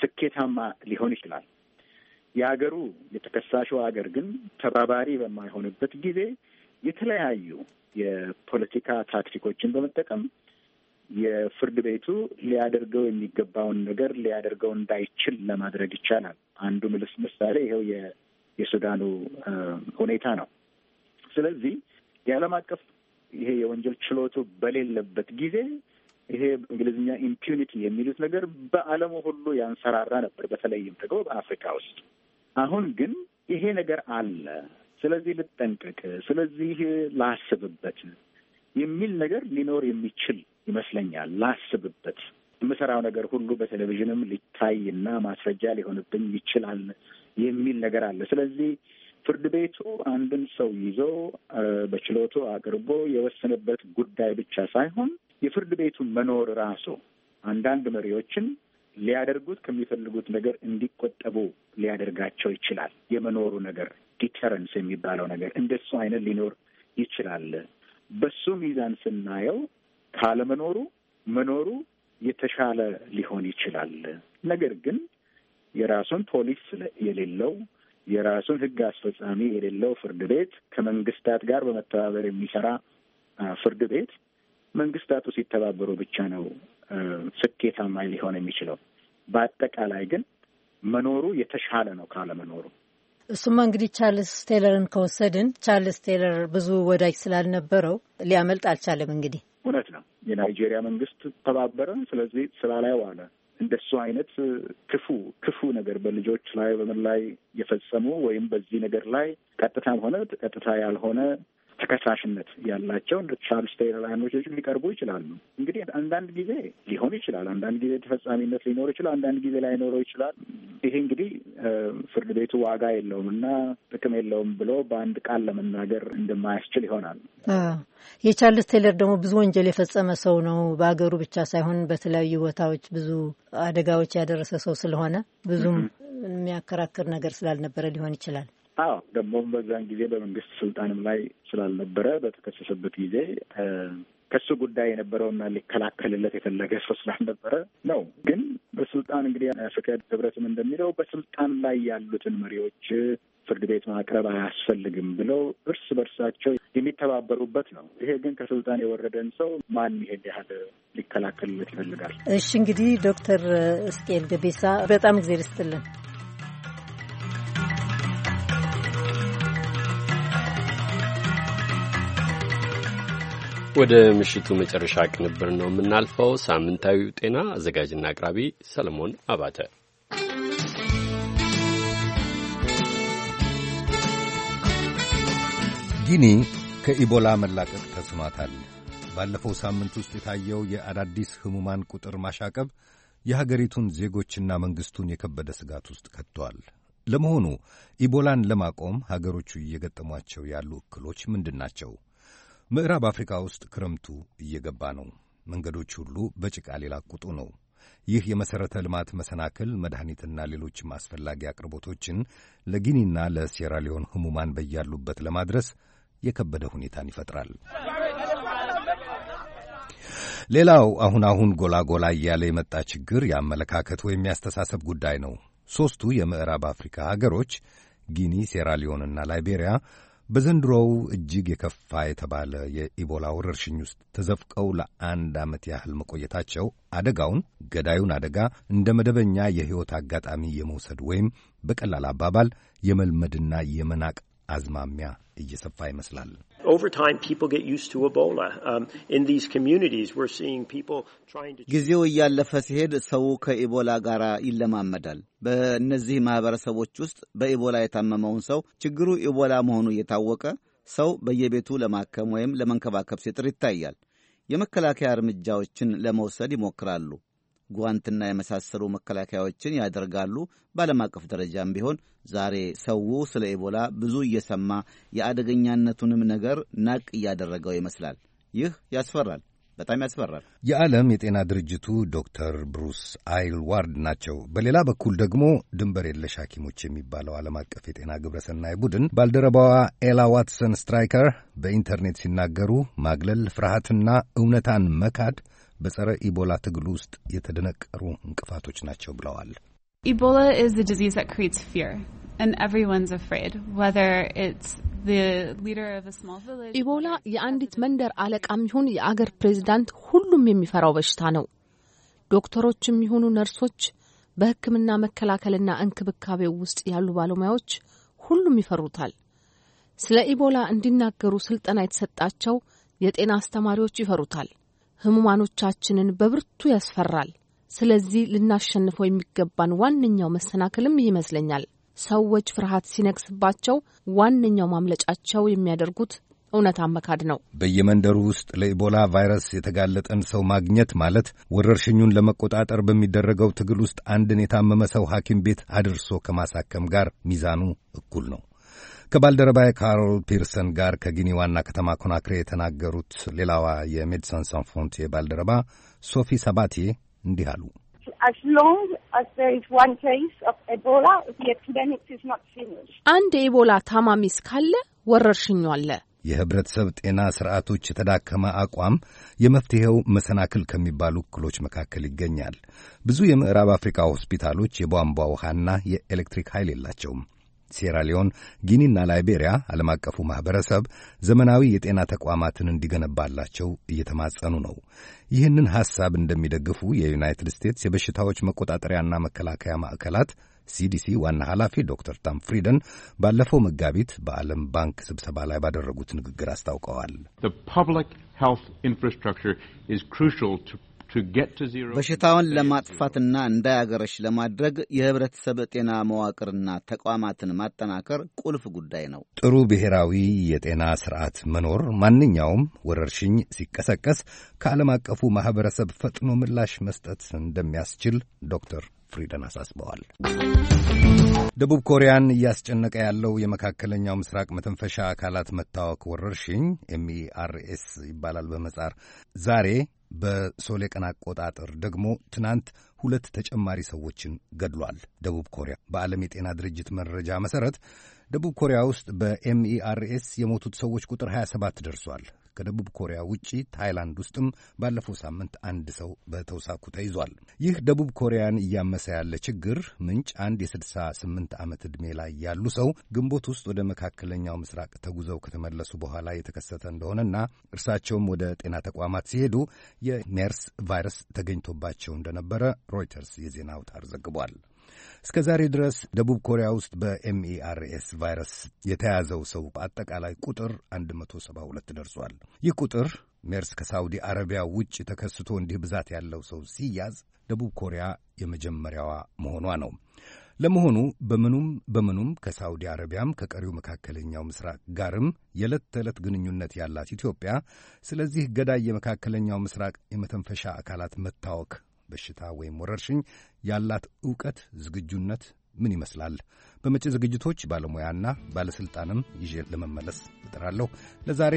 ስኬታማ ሊሆን ይችላል። የአገሩ የተከሳሹ አገር ግን ተባባሪ በማይሆንበት ጊዜ የተለያዩ የፖለቲካ ታክቲኮችን በመጠቀም የፍርድ ቤቱ ሊያደርገው የሚገባውን ነገር ሊያደርገው እንዳይችል ለማድረግ ይቻላል። አንዱ ምልስ ምሳሌ ይኸው የሱዳኑ ሁኔታ ነው። ስለዚህ የዓለም አቀፍ ይሄ የወንጀል ችሎቱ በሌለበት ጊዜ ይሄ እንግሊዝኛ ኢምፒዩኒቲ የሚሉት ነገር በዓለሙ ሁሉ ያንሰራራ ነበር። በተለይም ደግሞ በአፍሪካ ውስጥ አሁን ግን ይሄ ነገር አለ፣ ስለዚህ ልጠንቀቅ፣ ስለዚህ ላስብበት የሚል ነገር ሊኖር የሚችል ይመስለኛል። ላስብበት የምሰራው ነገር ሁሉ በቴሌቪዥንም ሊታይ እና ማስረጃ ሊሆንብኝ ይችላል የሚል ነገር አለ። ስለዚህ ፍርድ ቤቱ አንድን ሰው ይዞ በችሎቱ አቅርቦ የወሰነበት ጉዳይ ብቻ ሳይሆን የፍርድ ቤቱ መኖር ራሱ አንዳንድ መሪዎችን ሊያደርጉት ከሚፈልጉት ነገር እንዲቆጠቡ ሊያደርጋቸው ይችላል። የመኖሩ ነገር ዲተረንስ የሚባለው ነገር እንደሱ አይነት ሊኖር ይችላል። በሱ ሚዛን ስናየው ካለመኖሩ መኖሩ የተሻለ ሊሆን ይችላል። ነገር ግን የራሱን ፖሊስ የሌለው የራሱን ሕግ አስፈጻሚ የሌለው ፍርድ ቤት ከመንግስታት ጋር በመተባበር የሚሰራ ፍርድ ቤት መንግስታቱ ሲተባበሩ ብቻ ነው ስኬታማ ሊሆን የሚችለው። በአጠቃላይ ግን መኖሩ የተሻለ ነው ካለመኖሩ። እሱማ እንግዲህ ቻርልስ ቴይለርን ከወሰድን ቻርልስ ቴይለር ብዙ ወዳጅ ስላልነበረው ሊያመልጥ አልቻለም። እንግዲህ እውነት ነው። የናይጄሪያ መንግስት ተባበረ፣ ስለዚህ ስራ ላይ ዋለ። እንደሱ አይነት ክፉ ክፉ ነገር በልጆች ላይ በምን ላይ የፈጸሙ ወይም በዚህ ነገር ላይ ቀጥታም ሆነ ቀጥታ ያልሆነ ተከሳሽነት ያላቸው እንደ ቻርልስ ቴይለር አይነቶች ሊቀርቡ ይችላሉ። እንግዲህ አንዳንድ ጊዜ ሊሆን ይችላል፣ አንዳንድ ጊዜ ተፈጻሚነት ሊኖር ይችላል፣ አንዳንድ ጊዜ ላይኖረው ይችላል። ይሄ እንግዲህ ፍርድ ቤቱ ዋጋ የለውም እና ጥቅም የለውም ብሎ በአንድ ቃል ለመናገር እንደማያስችል ይሆናል። የቻርልስ ቴይለር ደግሞ ብዙ ወንጀል የፈጸመ ሰው ነው። በሀገሩ ብቻ ሳይሆን በተለያዩ ቦታዎች ብዙ አደጋዎች ያደረሰ ሰው ስለሆነ ብዙም የሚያከራክር ነገር ስላልነበረ ሊሆን ይችላል። አዎ ደግሞም በዛን ጊዜ በመንግስት ስልጣንም ላይ ስላልነበረ በተከሰሰበት ጊዜ ከሱ ጉዳይ የነበረውና ሊከላከልለት የፈለገ ሰው ስላልነበረ ነው። ግን በስልጣን እንግዲህ ፍቅር ህብረትም እንደሚለው በስልጣን ላይ ያሉትን መሪዎች ፍርድ ቤት ማቅረብ አያስፈልግም ብለው እርስ በርሳቸው የሚተባበሩበት ነው። ይሄ ግን ከስልጣን የወረደን ሰው ማን ይሄን ያህል ሊከላከልለት ይፈልጋል? እሺ እንግዲህ ዶክተር እስቅኤል ገቤሳ በጣም እግዜር ይስጥልን። ወደ ምሽቱ መጨረሻ ቅንብር ነው የምናልፈው። ሳምንታዊው ጤና አዘጋጅና አቅራቢ ሰለሞን አባተ። ጊኒ ከኢቦላ መላቀቅ ተስኗታል። ባለፈው ሳምንት ውስጥ የታየው የአዳዲስ ህሙማን ቁጥር ማሻቀብ የሀገሪቱን ዜጎችና መንግሥቱን የከበደ ስጋት ውስጥ ከጥቷል። ለመሆኑ ኢቦላን ለማቆም ሀገሮቹ እየገጠሟቸው ያሉ እክሎች ምንድን ናቸው? ምዕራብ አፍሪካ ውስጥ ክረምቱ እየገባ ነው። መንገዶች ሁሉ በጭቃ ሊላቁጡ ነው። ይህ የመሠረተ ልማት መሰናክል መድኃኒትና ሌሎችም አስፈላጊ አቅርቦቶችን ለጊኒና ለሴራ ሊዮን በያሉበት ለማድረስ የከበደ ሁኔታን ይፈጥራል። ሌላው አሁን አሁን ጎላ ጎላ እያለ የመጣ ችግር የአመለካከት ወይም ያስተሳሰብ ጉዳይ ነው። ሦስቱ የምዕራብ አፍሪካ ሀገሮች ጊኒ፣ ሴራሊዮንና ላይቤሪያ በዘንድሮው እጅግ የከፋ የተባለ የኢቦላ ወረርሽኝ ውስጥ ተዘፍቀው ለአንድ ዓመት ያህል መቆየታቸው አደጋውን ገዳዩን አደጋ እንደ መደበኛ የሕይወት አጋጣሚ የመውሰድ ወይም በቀላል አባባል የመልመድና የመናቅ አዝማሚያ እየሰፋ ይመስላል። over time, people get used to Ebola. Um, in these communities, we're seeing people trying to... ጊዜው እያለፈ ሲሄድ ሰው ከኢቦላ ጋር ይለማመዳል። በእነዚህ ማህበረሰቦች ውስጥ በኢቦላ የታመመውን ሰው ችግሩ ኢቦላ መሆኑ እየታወቀ ሰው በየቤቱ ለማከም ወይም ለመንከባከብ ሲጥር ይታያል። የመከላከያ እርምጃዎችን ለመውሰድ ይሞክራሉ። ጓንትና የመሳሰሉ መከላከያዎችን ያደርጋሉ። በዓለም አቀፍ ደረጃም ቢሆን ዛሬ ሰው ስለ ኢቦላ ብዙ እየሰማ የአደገኛነቱንም ነገር ናቅ እያደረገው ይመስላል። ይህ ያስፈራል፣ በጣም ያስፈራል። የዓለም የጤና ድርጅቱ ዶክተር ብሩስ አይል ዋርድ ናቸው። በሌላ በኩል ደግሞ ድንበር የለሽ ሐኪሞች የሚባለው ዓለም አቀፍ የጤና ግብረሰናይ ቡድን ባልደረባዋ ኤላ ዋትሰን ስትራይከር በኢንተርኔት ሲናገሩ ማግለል፣ ፍርሃትና እውነታን መካድ በጸረ ኢቦላ ትግል ውስጥ የተደነቀሩ እንቅፋቶች ናቸው ብለዋል። ኢቦላ is disease that creates fear ኢቦላ የአንዲት መንደር አለቃም ይሁን የአገር ፕሬዚዳንት ሁሉም የሚፈራው በሽታ ነው። ዶክተሮችም ይሁኑ ነርሶች፣ በሕክምና መከላከልና እንክብካቤው ውስጥ ያሉ ባለሙያዎች ሁሉም ይፈሩታል። ስለ ኢቦላ እንዲናገሩ ስልጠና የተሰጣቸው የጤና አስተማሪዎች ይፈሩታል። ህሙማኖቻችንን በብርቱ ያስፈራል። ስለዚህ ልናሸንፈው የሚገባን ዋነኛው መሰናክልም ይመስለኛል። ሰዎች ፍርሃት ሲነግስባቸው ዋነኛው ማምለጫቸው የሚያደርጉት እውነት አመካድ ነው። በየመንደሩ ውስጥ ለኢቦላ ቫይረስ የተጋለጠን ሰው ማግኘት ማለት ወረርሽኙን ለመቆጣጠር በሚደረገው ትግል ውስጥ አንድን የታመመ ሰው ሐኪም ቤት አድርሶ ከማሳከም ጋር ሚዛኑ እኩል ነው። ከባልደረባይ ካሮል ፒርሰን ጋር ከጊኒ ዋና ከተማ ኮናክሬ የተናገሩት ሌላዋ የሜድሰን ሳን ፍሮንቲር ባልደረባ ሶፊ ሰባቴ እንዲህ አሉ። አንድ የኢቦላ ታማሚ እስካለ ወረርሽኙ አለ። የህብረተሰብ ጤና ስርዓቶች የተዳከመ አቋም የመፍትሔው መሰናክል ከሚባሉ እክሎች መካከል ይገኛል። ብዙ የምዕራብ አፍሪካ ሆስፒታሎች የቧንቧ ውሃና የኤሌክትሪክ ኃይል የላቸውም። ሴራሊዮን፣ ጊኒና ላይቤሪያ ዓለም አቀፉ ማኅበረሰብ ዘመናዊ የጤና ተቋማትን እንዲገነባላቸው እየተማጸኑ ነው። ይህንን ሐሳብ እንደሚደግፉ የዩናይትድ ስቴትስ የበሽታዎች መቆጣጠሪያና መከላከያ ማዕከላት ሲዲሲ ዋና ኃላፊ ዶክተር ታም ፍሪደን ባለፈው መጋቢት በዓለም ባንክ ስብሰባ ላይ ባደረጉት ንግግር አስታውቀዋል። በሽታውን ለማጥፋትና እንዳያገረሽ ለማድረግ የህብረተሰብ ጤና መዋቅርና ተቋማትን ማጠናከር ቁልፍ ጉዳይ ነው። ጥሩ ብሔራዊ የጤና ስርዓት መኖር ማንኛውም ወረርሽኝ ሲቀሰቀስ ከዓለም አቀፉ ማኅበረሰብ ፈጥኖ ምላሽ መስጠት እንደሚያስችል ዶክተር ፍሪደን አሳስበዋል። ደቡብ ኮሪያን እያስጨነቀ ያለው የመካከለኛው ምስራቅ መተንፈሻ አካላት መታወክ ወረርሽኝ ኤምኢአርኤስ ይባላል በመጻር ዛሬ በሶሌ ቀን አቆጣጠር ደግሞ ትናንት ሁለት ተጨማሪ ሰዎችን ገድሏል። ደቡብ ኮሪያ በዓለም የጤና ድርጅት መረጃ መሠረት ደቡብ ኮሪያ ውስጥ በኤምኢአርኤስ የሞቱት ሰዎች ቁጥር 27 ደርሷል። ከደቡብ ኮሪያ ውጪ ታይላንድ ውስጥም ባለፈው ሳምንት አንድ ሰው በተውሳኩ ተይዟል። ይህ ደቡብ ኮሪያን እያመሰ ያለ ችግር ምንጭ አንድ የ68 ዓመት ዕድሜ ላይ ያሉ ሰው ግንቦት ውስጥ ወደ መካከለኛው ምስራቅ ተጉዘው ከተመለሱ በኋላ የተከሰተ እንደሆነና እርሳቸውም ወደ ጤና ተቋማት ሲሄዱ የሜርስ ቫይረስ ተገኝቶባቸው እንደነበረ ሮይተርስ የዜና አውታር ዘግቧል። እስከ ዛሬ ድረስ ደቡብ ኮሪያ ውስጥ በኤምኢአርኤስ ቫይረስ የተያዘው ሰው አጠቃላይ ቁጥር 172 ደርሷል። ይህ ቁጥር ሜርስ ከሳውዲ አረቢያ ውጭ ተከስቶ እንዲህ ብዛት ያለው ሰው ሲያዝ ደቡብ ኮሪያ የመጀመሪያዋ መሆኗ ነው። ለመሆኑ በምኑም በምኑም ከሳውዲ አረቢያም ከቀሪው መካከለኛው ምስራቅ ጋርም የዕለት ተዕለት ግንኙነት ያላት ኢትዮጵያ ስለዚህ ገዳይ የመካከለኛው ምስራቅ የመተንፈሻ አካላት መታወክ በሽታ ወይም ወረርሽኝ ያላት ዕውቀት፣ ዝግጁነት ምን ይመስላል? በመጪ ዝግጅቶች ባለሙያና ባለሥልጣንም ይዤ ለመመለስ እጥራለሁ። ለዛሬ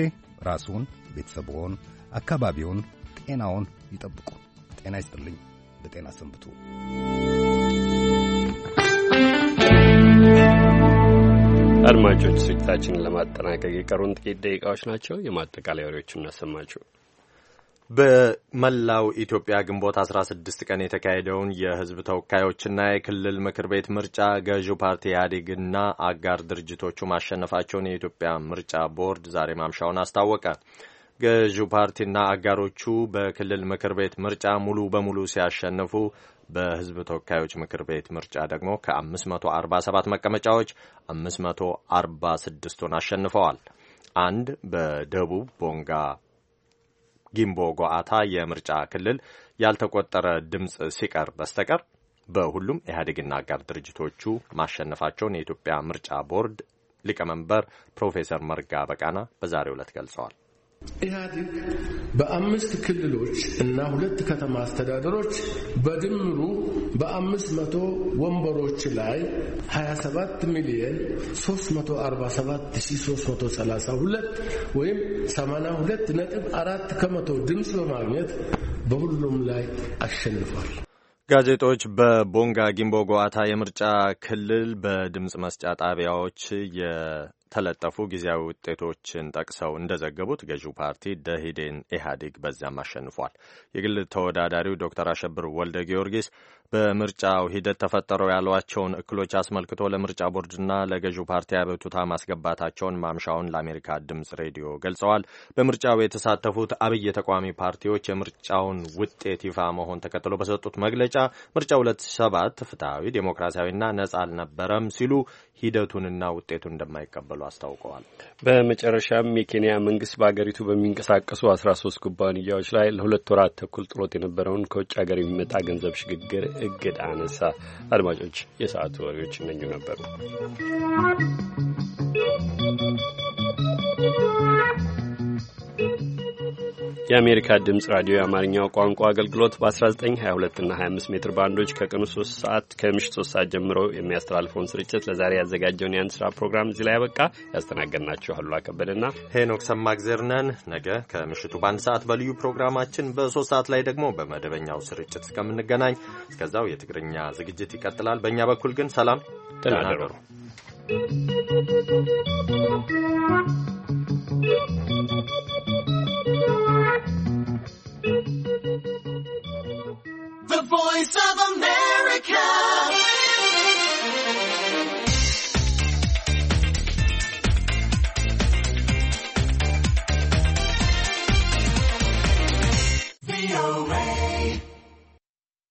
ራስዎን፣ ቤተሰብዎን፣ አካባቢውን፣ ጤናውን ይጠብቁ። ጤና ይስጥልኝ። በጤና ሰንብቱ። አድማጮች፣ ዝግጅታችንን ለማጠናቀቅ የቀሩን ጥቂት ደቂቃዎች ናቸው። የማጠቃለያ ወሬዎችን እናሰማችሁ። በመላው ኢትዮጵያ ግንቦት 16 ቀን የተካሄደውን የህዝብ ተወካዮችና የክልል ምክር ቤት ምርጫ ገዢው ፓርቲ ኢህአዴግና አጋር ድርጅቶቹ ማሸነፋቸውን የኢትዮጵያ ምርጫ ቦርድ ዛሬ ማምሻውን አስታወቀ። ገዢው ፓርቲና አጋሮቹ በክልል ምክር ቤት ምርጫ ሙሉ በሙሉ ሲያሸንፉ በህዝብ ተወካዮች ምክር ቤት ምርጫ ደግሞ ከ547 መቀመጫዎች 546ቱን አሸንፈዋል። አንድ በደቡብ ቦንጋ ጊምቦ ጓአታ የምርጫ ክልል ያልተቆጠረ ድምፅ ሲቀር በስተቀር በሁሉም ኢህአዴግና አጋር ድርጅቶቹ ማሸነፋቸውን የኢትዮጵያ ምርጫ ቦርድ ሊቀመንበር ፕሮፌሰር መርጋ በቃና በዛሬው ዕለት ገልጸዋል። ኢህአዲግ በአምስት ክልሎች እና ሁለት ከተማ አስተዳደሮች በድምሩ በአምስት መቶ ወንበሮች ላይ 27 ሚሊየን 347332 ወይም 82 ነጥብ ከመቶ ድምፅ በማግኘት በሁሉም ላይ አሸንፏል። ጋዜጦች በቦንጋ ጊምቦ ጓታ የምርጫ ክልል በድምፅ መስጫ ጣቢያዎች ተለጠፉ ጊዜያዊ ውጤቶችን ጠቅሰው እንደዘገቡት ገዢው ፓርቲ ደኢህዴን ኢህአዴግ በዚያም አሸንፏል። የግል ተወዳዳሪው ዶክተር አሸብር ወልደ ጊዮርጊስ በምርጫው ሂደት ተፈጠረው ያሏቸውን እክሎች አስመልክቶ ለምርጫ ቦርድና ለገዢው ፓርቲ አቤቱታ ማስገባታቸውን ማምሻውን ለአሜሪካ ድምፅ ሬዲዮ ገልጸዋል። በምርጫው የተሳተፉት አብይ ተቋሚ ፓርቲዎች የምርጫውን ውጤት ይፋ መሆን ተከትሎ በሰጡት መግለጫ ምርጫ ሰባት ፍትሐዊ ዴሞክራሲያዊና ነጻ አልነበረም ሲሉ ሂደቱንና ውጤቱን እንደማይቀበሉ እንደሚቀበሉ አስታውቀዋል። በመጨረሻም የኬንያ መንግስት በሀገሪቱ በሚንቀሳቀሱ አስራ ሶስት ኩባንያዎች ላይ ለሁለት ወራት ተኩል ጥሎት የነበረውን ከውጭ ሀገር የሚመጣ ገንዘብ ሽግግር እግድ አነሳ። አድማጮች፣ የሰዓቱ ወሬዎች እነኙ ነበሩ። የአሜሪካ ድምፅ ራዲዮ የአማርኛው ቋንቋ አገልግሎት በ1922 እና 25 ሜትር ባንዶች ከቀኑ 3 ሰዓት ከምሽት 3 ሰዓት ጀምሮ የሚያስተላልፈውን ስርጭት ለዛሬ ያዘጋጀውን የአንድ ስራ ፕሮግራም እዚህ ላይ ያበቃ። ያስተናገድናችሁ አሉላ ከበደና ሄኖክ ሰማግዜር ነን። ነገ ከምሽቱ በአንድ ሰዓት በልዩ ፕሮግራማችን በሶስት ሰዓት ላይ ደግሞ በመደበኛው ስርጭት እስከምንገናኝ እስከዛው የትግርኛ ዝግጅት ይቀጥላል። በእኛ በኩል ግን ሰላም you. voice of America.